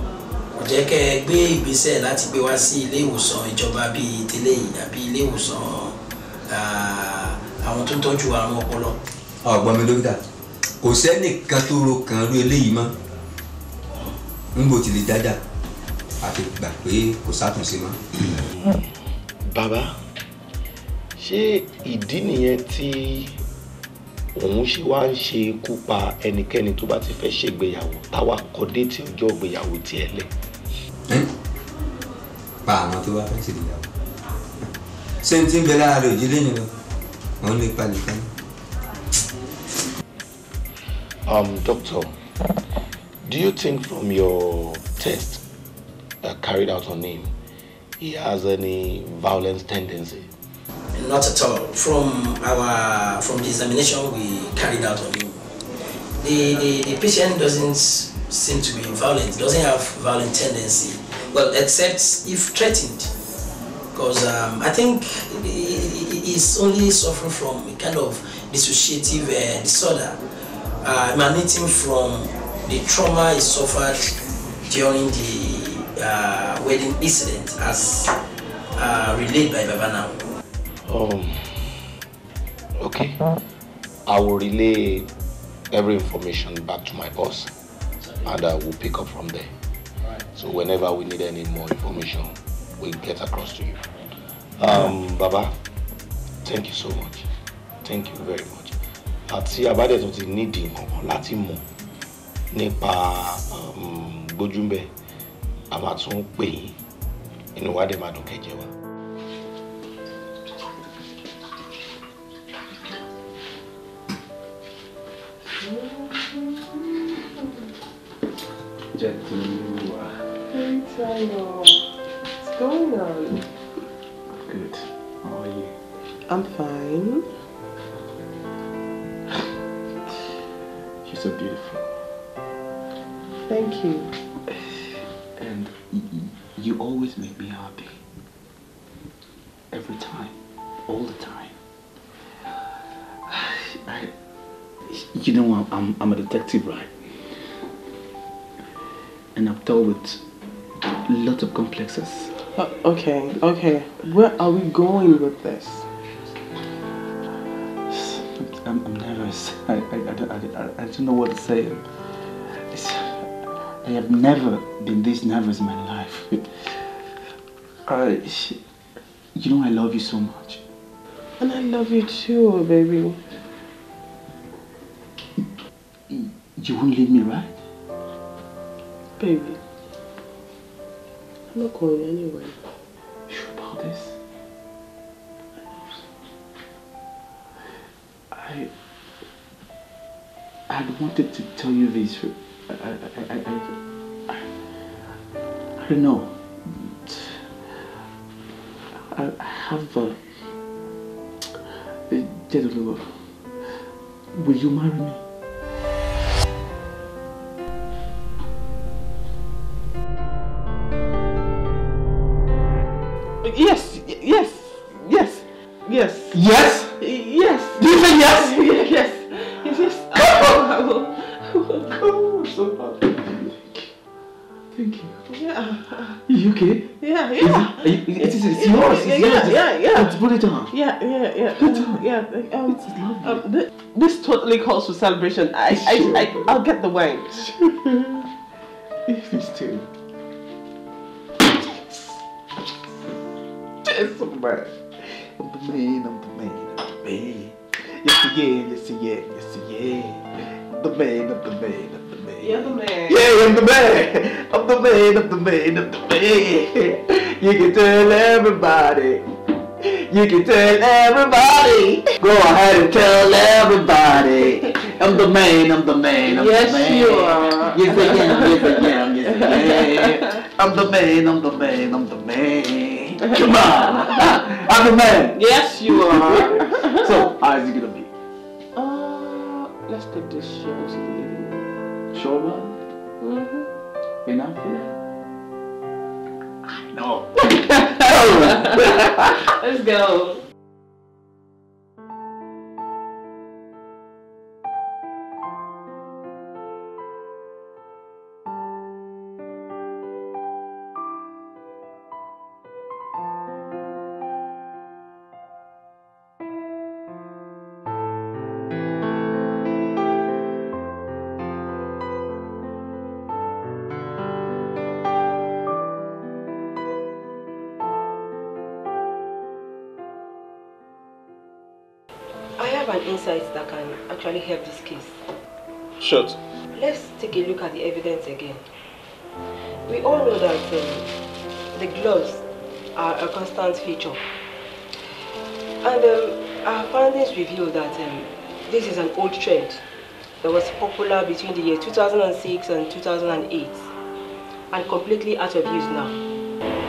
kò jẹ́ kẹ́ ẹ gbé ìgbésẹ̀ láti gbé wá sí ilé ìwòsàn ìjọba bíi tẹ́lẹ̀ àbí ilé ìwòsàn àwọn tó ń tọ́jú àrùn ọpọlọ. ọ̀gbọ́n mi dókítà kò sẹ́nìkan tó ro kan ru eléyìí mọ́ nbò tí lè dájà àti gbà pé kò sátúnṣe mọ́. bàbá ṣé ìdí nìyẹn tí òun ṣe wá ń ṣe ikú pa ẹnikẹ́ni tó bá ti fẹ́ ṣègbéyàwó táwa kọ déètì ọjọ́ ìgbéyàwó tiẹ̀ lẹ̀. pa àwọn tó bá fẹ́ ṣègbéyàwó ṣé n ti ń bẹ lára rẹ̀ òjì lẹ́yìn lọ òun lè pa nìkan Um, doctor, do you think from your test uh, carried out on him, he has any violent tendency? Not at all. From our from the examination we carried out on him, the, the, the patient doesn't seem to be violent, doesn't have violent tendency. Well, except if threatened, because um, I think he is only suffering from a kind of dissociative uh, disorder uh, emanating from the trauma he suffered during the uh, wedding incident as uh, relayed by Baba now. Um, okay. I will relay every information back to my boss and I will pick up from there. So whenever we need any more information, we'll get across to you. Um, Baba, thank you so much. Thank you very much. àti àbádẹ́ tó ti nídìí kankan láti mọ̀ nípa um, gbójúmbẹ a máa tún pè yín inú wa dẹ̀ máa dùn kẹjẹ wa. jẹ́ kí n wá. What's going on? Good. How are you? I'm fine. She's so beautiful. Thank you. And you always make me happy. Every time. All the time. I, you know, I'm, I'm, a detective, right? And I've dealt with lots of complexes. Uh, okay, okay. Where are we going with this? I'm, I'm nervous. I, I, I, don't, I, I don't know what to say. It's, I have never been this nervous in my life. I, you know I love you so much. And I love you too, baby. You won't leave me, right? Baby, I'm not going anywhere. You sure about this? I had wanted to tell you this. I, I, I, I, don't know. I have uh, a, a Will you marry me? Yes, yes, yes, yes. Yes? yeah, um, yeah. um, th this totally calls for celebration. I, sure. I, I, will get the wine. If it's too. Yes, man. I'm the man. I'm the man. I'm the man. Yes, yeah. Yes, yeah. Yes, yeah. I'm the man. I'm the man. I'm the man. You're the man. Yeah, I'm the man. I'm the man. I'm the man. I'm the man. You can tell everybody. You can tell everybody. Go ahead and tell everybody. I'm the man, I'm the man, I'm yes, the man. Yes, you are. Yes, I am, yes, I am, yes, I am. I'm the man, I'm the man, I'm the man. Come on. I'm the man. Yes, you are. so, how is it going to be? Uh, let's take this show to the Show one? Mm-hmm. Enough for that? I know. Let's go. shut. Let's take a look at the evidence again. We all know that um, the gloves are a constant feature. And um, our findings reveal that um, this is an old trend that was popular between the year 2006 and 2008 and completely out of use now.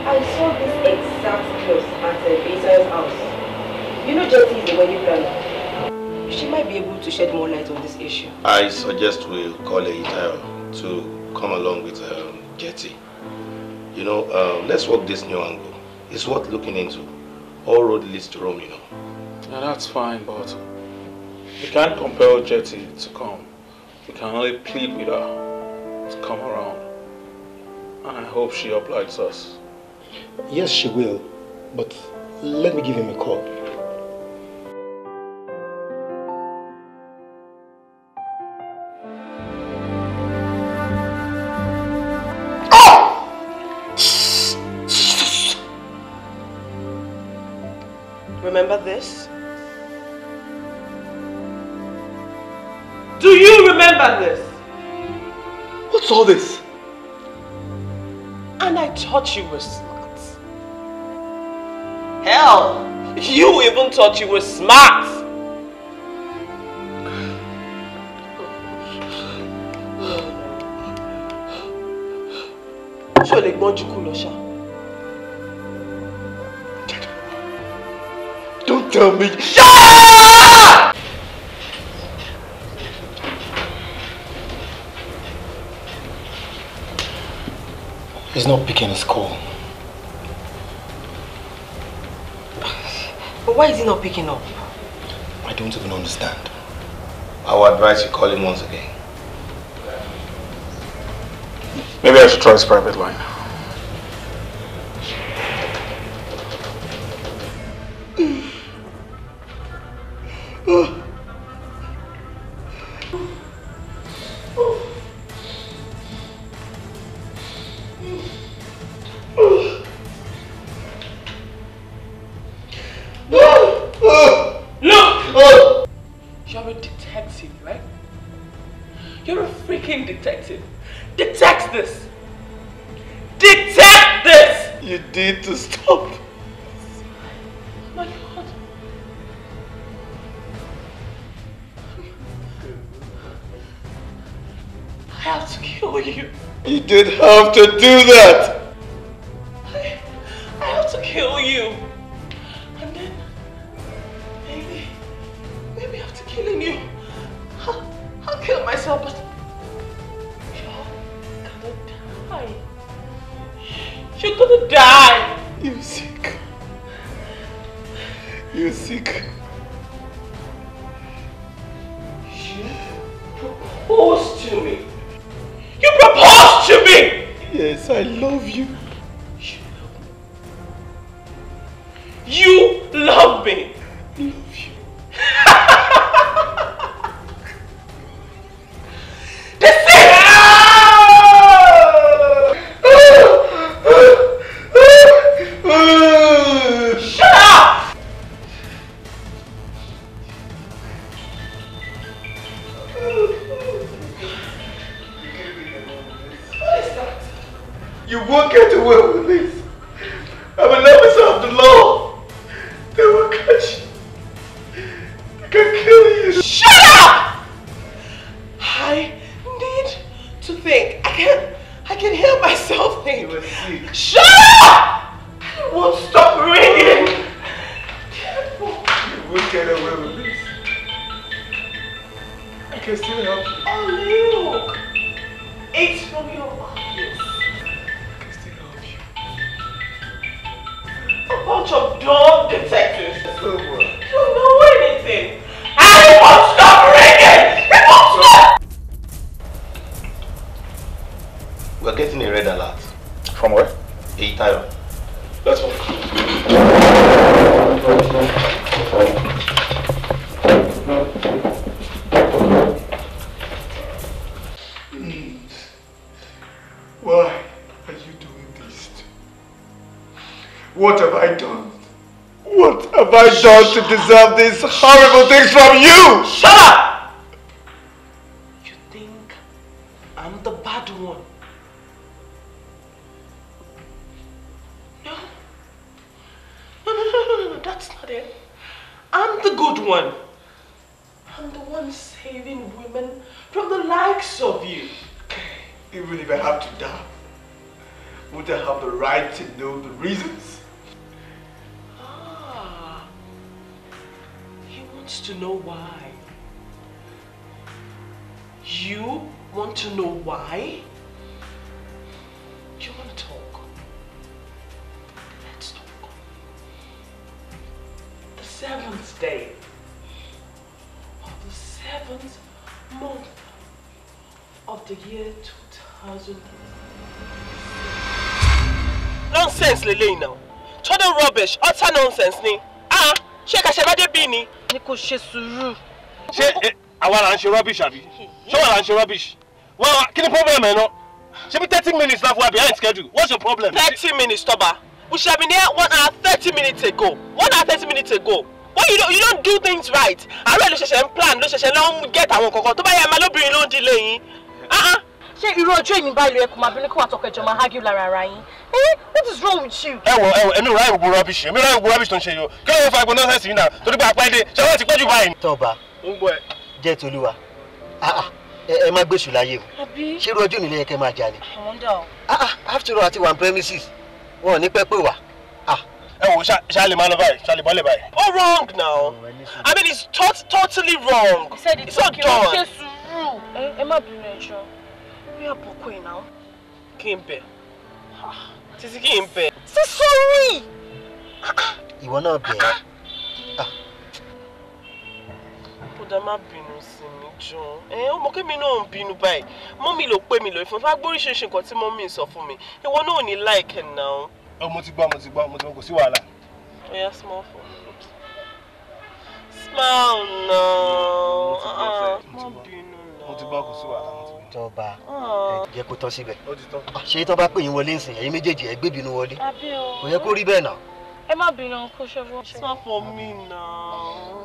I saw this exact gloves at uh, Basil's house. You know Jetty is the wedding planner. She might be able to shed more light on this issue. I suggest we call Eitan to come along with um, Jetty. You know, um, let's work this new angle. It's worth looking into. All road leads to Rome, you know. Yeah, that's fine, but we can't compel Jetty to come. We can only plead with her to come around. And I hope she obliges us. Yes, she will. But let me give him a call. Do you remember this? What's all this? And I thought you were smart. Hell, you even thought you were smart. ṣá? Don't tell me. Shut up! He's not picking his call. But why is he not picking up? I don't even understand. I would advise you call him once again. Maybe I should try his private line. to do that. sought to deserve these horrible things from you. Shut up! You think I'm the bad one? No. No, no, no, no, no, that's not it. I'm the good one. I'm the one saving women from the likes of you. Even if I have to die, would I have the right to know the reasons? to know why. You want to know why? You want to talk? Let's talk. The seventh day of the seventh month of the year 2000. Nonsense, Lele now. Total rubbish, utter nonsense ni. Ah, ṣé a bá dé ni kò ṣe sùúrù. ṣé àwa là ń ṣe rubbish àbí ṣé wà là ń ṣe rubbish wọn kí ni problem ẹ náà ṣe bí thirty minutes la fún wa behind schedule what's your problem. thirty minutes tọba we should have there one hour thirty minutes ago one hour thirty minutes ago Why you don't, you don't do things right àárọ̀ ló ṣẹ̀ṣẹ̀ ń plan ló ṣẹ̀ṣẹ̀ ló ń get àwọn kankan tó bá yẹ ẹ máa lóbìnrin ló ń di lẹ́yìn ṣé irú ojú èmi báyìí ló yẹ kó kí wàá tọkọ ẹjọ máa hágìl lára ara yín ẹ eh, what is wrong with you. ẹ wọ ẹ wọ èmi ráyè gbogbo rubbish èmi ráyè gbogbo rubbish tó ń ṣe yìí o kí ló ń fa gbogbo nọ́ọ̀sẹ̀sì yìí náà torí pé apá dé ṣé wọ́n ti pẹ́ jù báyìí. tọba jẹ́ tolúwa ah, ah, ẹ má gbèsù láyé o ṣé irú ojú nílé yẹ kẹ́ máa jà ni. Ah, after all àti one premises wọn ò ní pẹ́ pé wà ẹ wo ṣáàlì máa lọ báyìí ṣáàlì bọ́lẹ̀ báyìí. oh wrong now i mean it's tot totally wrong. he said it's, it's not done. ẹ má bínú ẹjọ́ sórí àbùkù ẹ̀ náà. kí n bẹ̀ títí kí n bẹ̀. ṣé sórí. ìwọ náà bẹ̀ ẹ́. kódà má bínú sí mi jọ ẹ ọmọ kémi náà ń bínú báyìí mọ́mì ló pè mí lọ ìfún fún agbóríṣiríṣi nǹkan tí mọ́mì sọ fún mi ìwọ náà ò ní láìkẹ́ náà. ọ mo ti gbọ́ mo ti gbọ́ mo ti gbọ́ kò sí wàhálà. ó oh, small phone smile náà. Ah, mo ti gbọ́ kò sí wàhálà mo ti gbọ́ tọba jẹ kó tán síbẹ̀ ah, ṣé tọ́ bá pè yín wọlé nsìn ẹ̀yin méjèèjì ẹ̀ gbé bínú wọlé kò yẹ kó rí bẹ́ẹ̀ náà. ẹ má bínú kó ṣe fún mi náà.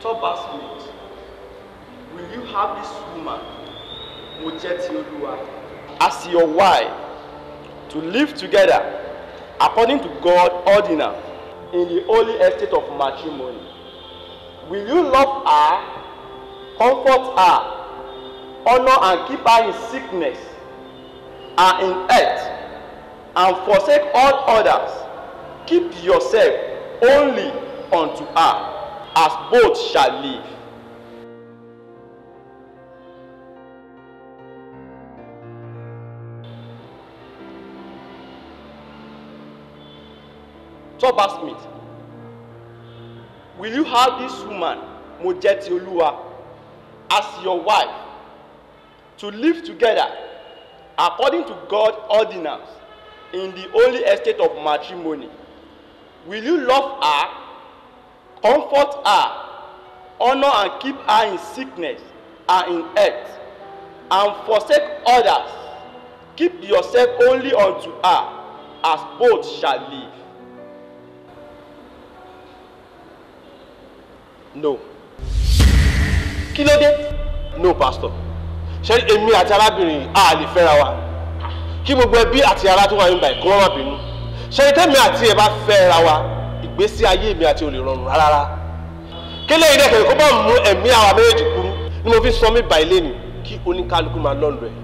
Tobasmith, will you have this woman, Mojeti Oluwa, as your wife to live together according to God ordinance in the holy estate of matrimony? Will you love her, comfort her, honor and keep her in sickness and in health and forsake all others keep yourself only unto her as both shall live. Tọ́ba Smith, will you have this woman, Mojeti Oluwa, as your wife to live together according to God's ordinance in the holy estate of matrimony? Will you love her Comfort her, honor and keep her in sickness and in health, and forsake others. Keep yourself only unto her, as both shall live. No. Kí ló dé? No, pastor. Ṣé èmi àti arábìnrin a lè fẹ́ra wa? Kí gbogbo ẹbí àti ará tó wà nígbà ìkọ́ wọn bínú. Ṣé tẹ́mi àti ẹ̀ bá fẹ́ra wa? ìgbésí ayé mi àti olè rárá kí lẹ́yìn náà kẹ̀kẹ́ bá mú ẹ̀mí àwa méjèèjì kúrú ni mo fi sọ mí bàí lẹ́nu kí oníkálukú máa lọ́ọ̀lù ẹ̀.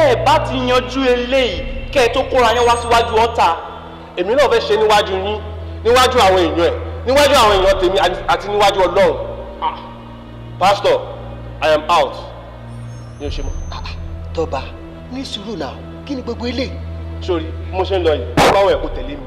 ẹ bá ti yanjú eléyìí kẹ́ ẹ tó kóra yẹn wá síwájú ọ̀tá èmi náà fẹ́ ṣe níwájú yín níwájú àwọn èèyàn ẹ̀ níwájú àwọn èèyàn tèmi àti níwájú ọlọ́run ah, pastor i am out ni o ṣe mọ. Ah, ah, tọ́ba ní sùúrù náà kí ni gbogbo eléyìí. sori mo ṣe ń lọ yìí báwọn ẹ̀ tẹ̀lé mi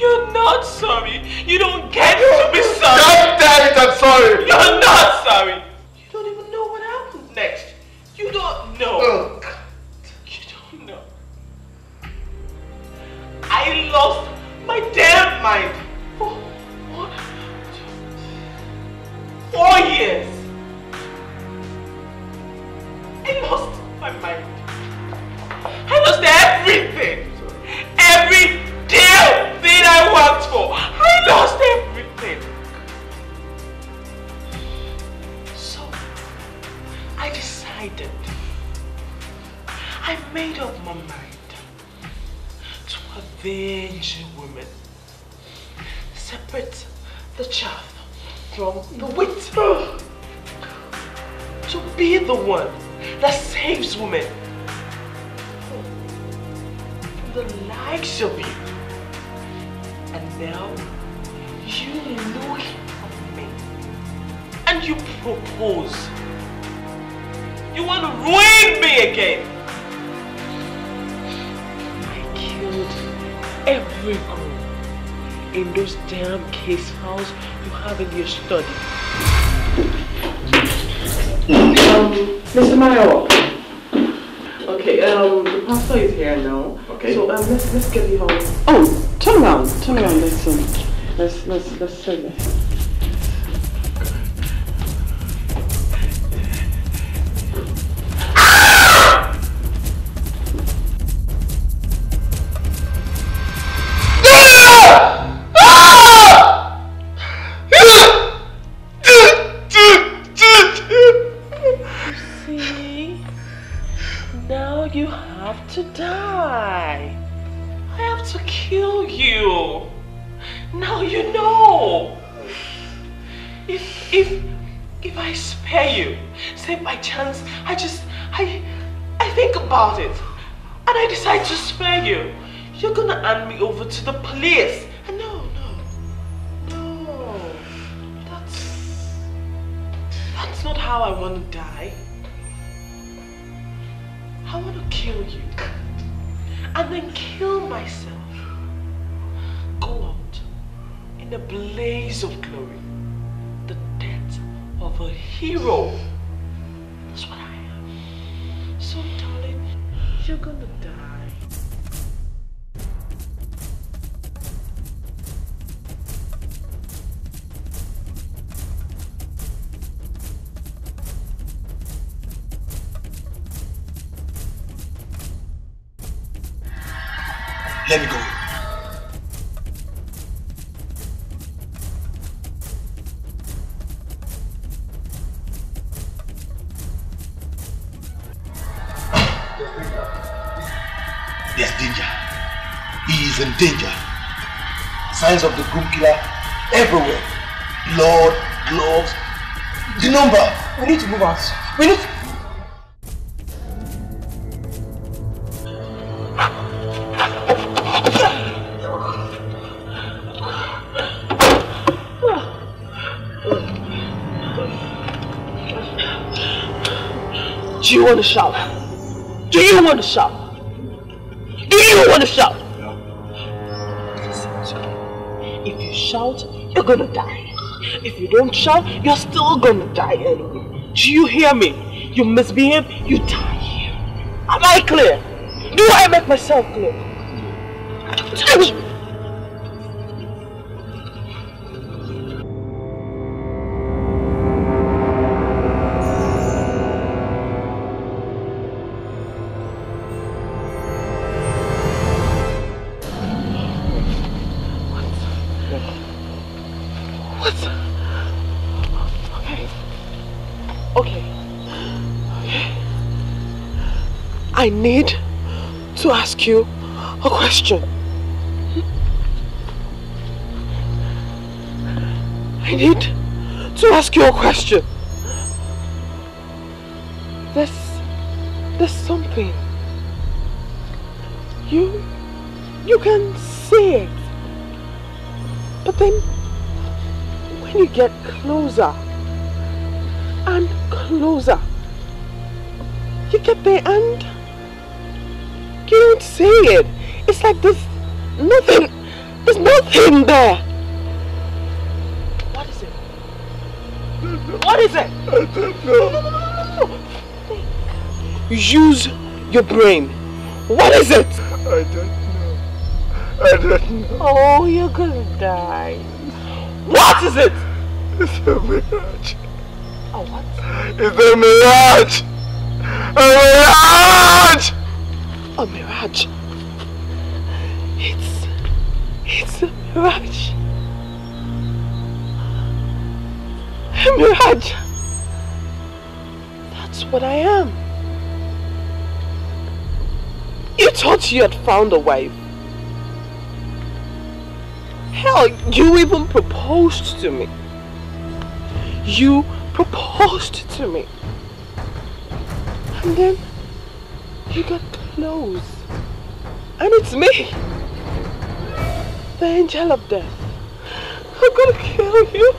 You're not sorry. You don't get to be sorry. God damn it, I'm sorry. You're not sorry. You don't even know what happened next. You don't know. Oh, you don't know. I lost my damn mind for years. I lost my mind. I lost everything. Everything damn thing I worked for. I lost everything. So, I decided. I made up my mind to avenge women. Separate the chaff from the wheat. To be the one that saves women the likes of you. And now, you know it me. And you propose. You want to ruin me again. I killed every girl in those damn case files you have in your study. Um, Mr. Mayor. Okay, um, the pastor is here now. Okay. So um, let's let's get you home. Oh, turn around, turn okay. around. Let's let's let's let's say this. See? Now you have to die. I have to kill you. Now you know. If, if, if I spare you, say by chance, I just, I, I think about it. And I decide to spare you. You're gonna hand me over to the police. And no, no, no. That's, that's not how I wanna die. I want to kill you. And then kill myself. Go out in a blaze of glory. The death of a hero. That's what I am. So darling, you're gonna die. signs of the group killer everywhere. Blood, gloves, the number. We need to move out. We need to... Do you want to shout? Do you want to shout? Do you want to shout? gonna die. If you don't shout, you're still gonna die anyway. Do you hear me? You misbehave, you die Am I clear? Do I make myself clear? Touch me. I need to ask you a question. I need to ask you a question. There's, there's something. You, you can see it. But then, when you get closer, your brain? What is it? I don't know. I don't know. Oh, you're gonna die. What is it? It's a mirage. A oh, what? It's a mirage. A mirage. A mirage. It's it's a mirage. A mirage. That's what I am. You thought you had found a wife. Hell, you even proposed to me. You proposed to me. And then you got close. And it's me. The angel of death. I'm gonna kill you.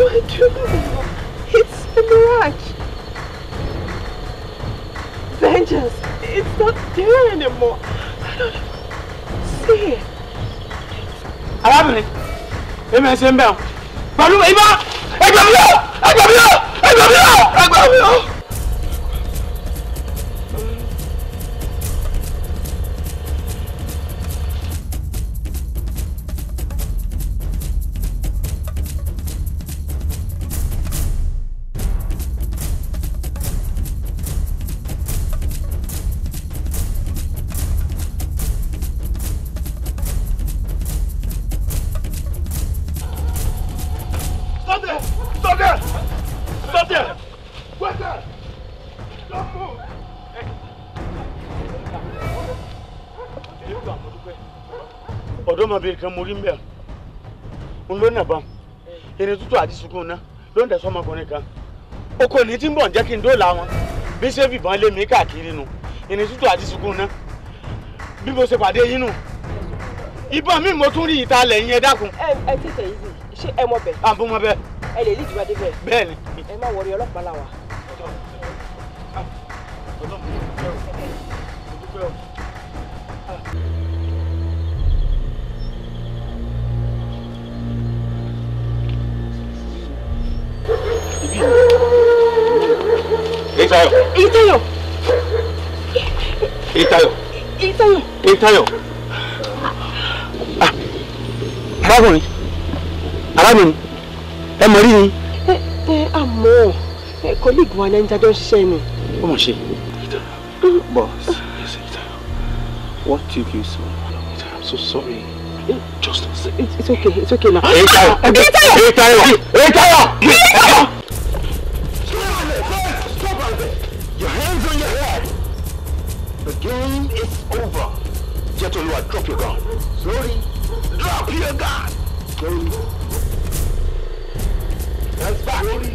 do I do It's a mirage. Vengeance. It's not there anymore. I don't see it. Arábìnrin, èmi ẹ̀ ṣe ń bẹ̀ ọ́. you? ìbá, ẹgbẹ̀mí lọ, ẹgbẹ̀mí lọ, ẹgbẹ̀mí lọ, ẹgbẹ̀mí lọ. nìkan mo rí mbẹ́ ń ló nà bàn irin tútù àti sunkún náà ló ń dẹ̀ sọmọkùnrin kan oko ní tí ń bọ̀ ń jẹ́ kí n dóòlà wọn bí ṣé fìbọn lé mi káàkiri nu irin tútù àti sunkún náà bí mo ṣe pàdé yín nù ìbọn mi mo tún rí ìta lẹ́yìn ẹ dákun. ẹ ẹ tètè yìí ṣé ẹ mọ bẹ. àbúmọ bẹ. ẹ lè rí ìdúrà dé bẹ́ẹ̀. bẹ́ẹ̀ ni. ẹ má wọrí ọlọ́pàá làwà. Ìtayọ̀. Ìtayọ̀. Ìtayọ̀. Ìtayọ̀. Ah, arákùnrin, arábìnrin, ẹ mọ̀ rí ni. Ẹ ẹ àmọ́ kọ́líìgì wa náà ń jájọ́ ṣiṣẹ́ ni. Ó mọ̀ ṣe. what took you so long? I'm so sorry. Just it's, okay, it's okay now. Ìtayọ̀! Ìtayọ̀! Ìtayọ̀! Ìtayọ̀! Ìtayọ̀! jẹ́ tó lọ́wọ́ drop your gun. lórí drop your gun. lórí ẹgbà lórí.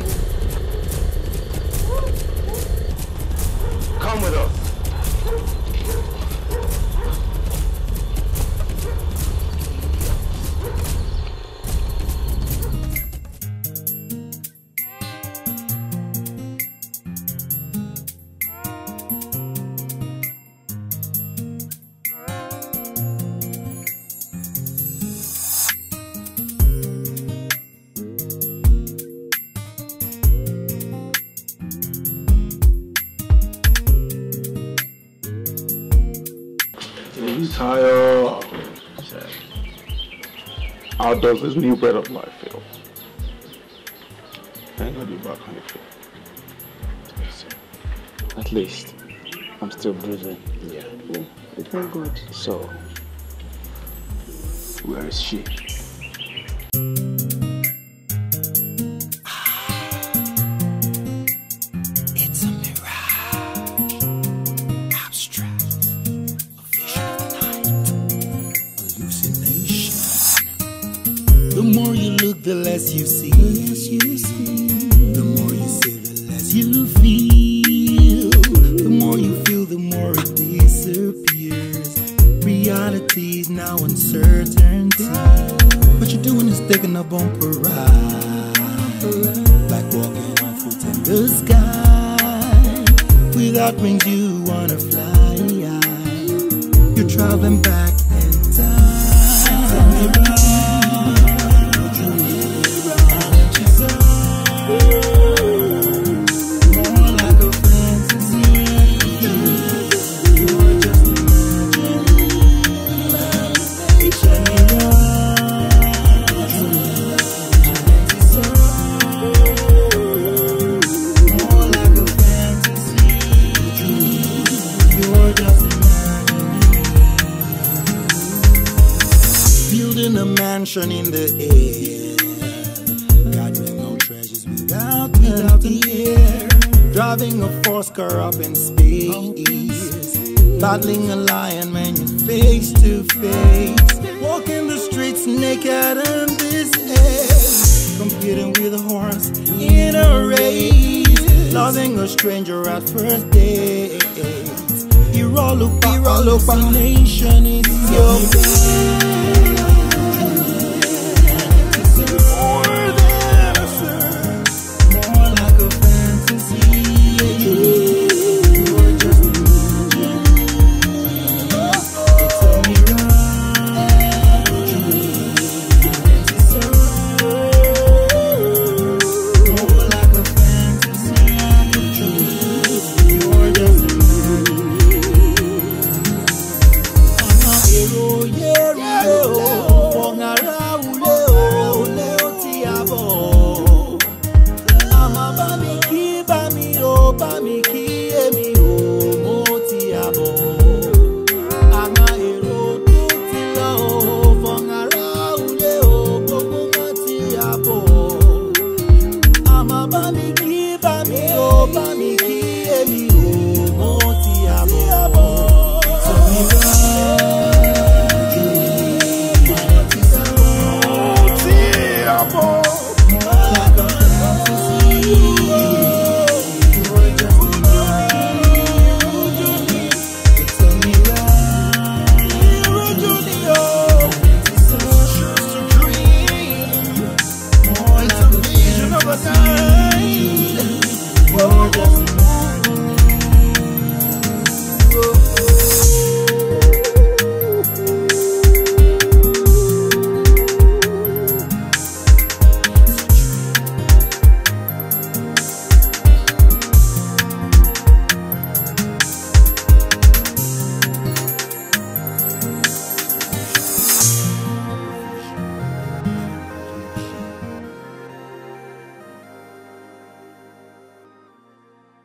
come with us. Because this new bread of life feel? I'm gonna be back on the At least I'm still breathing. Yeah. yeah. Thank God. So, where is she? you see.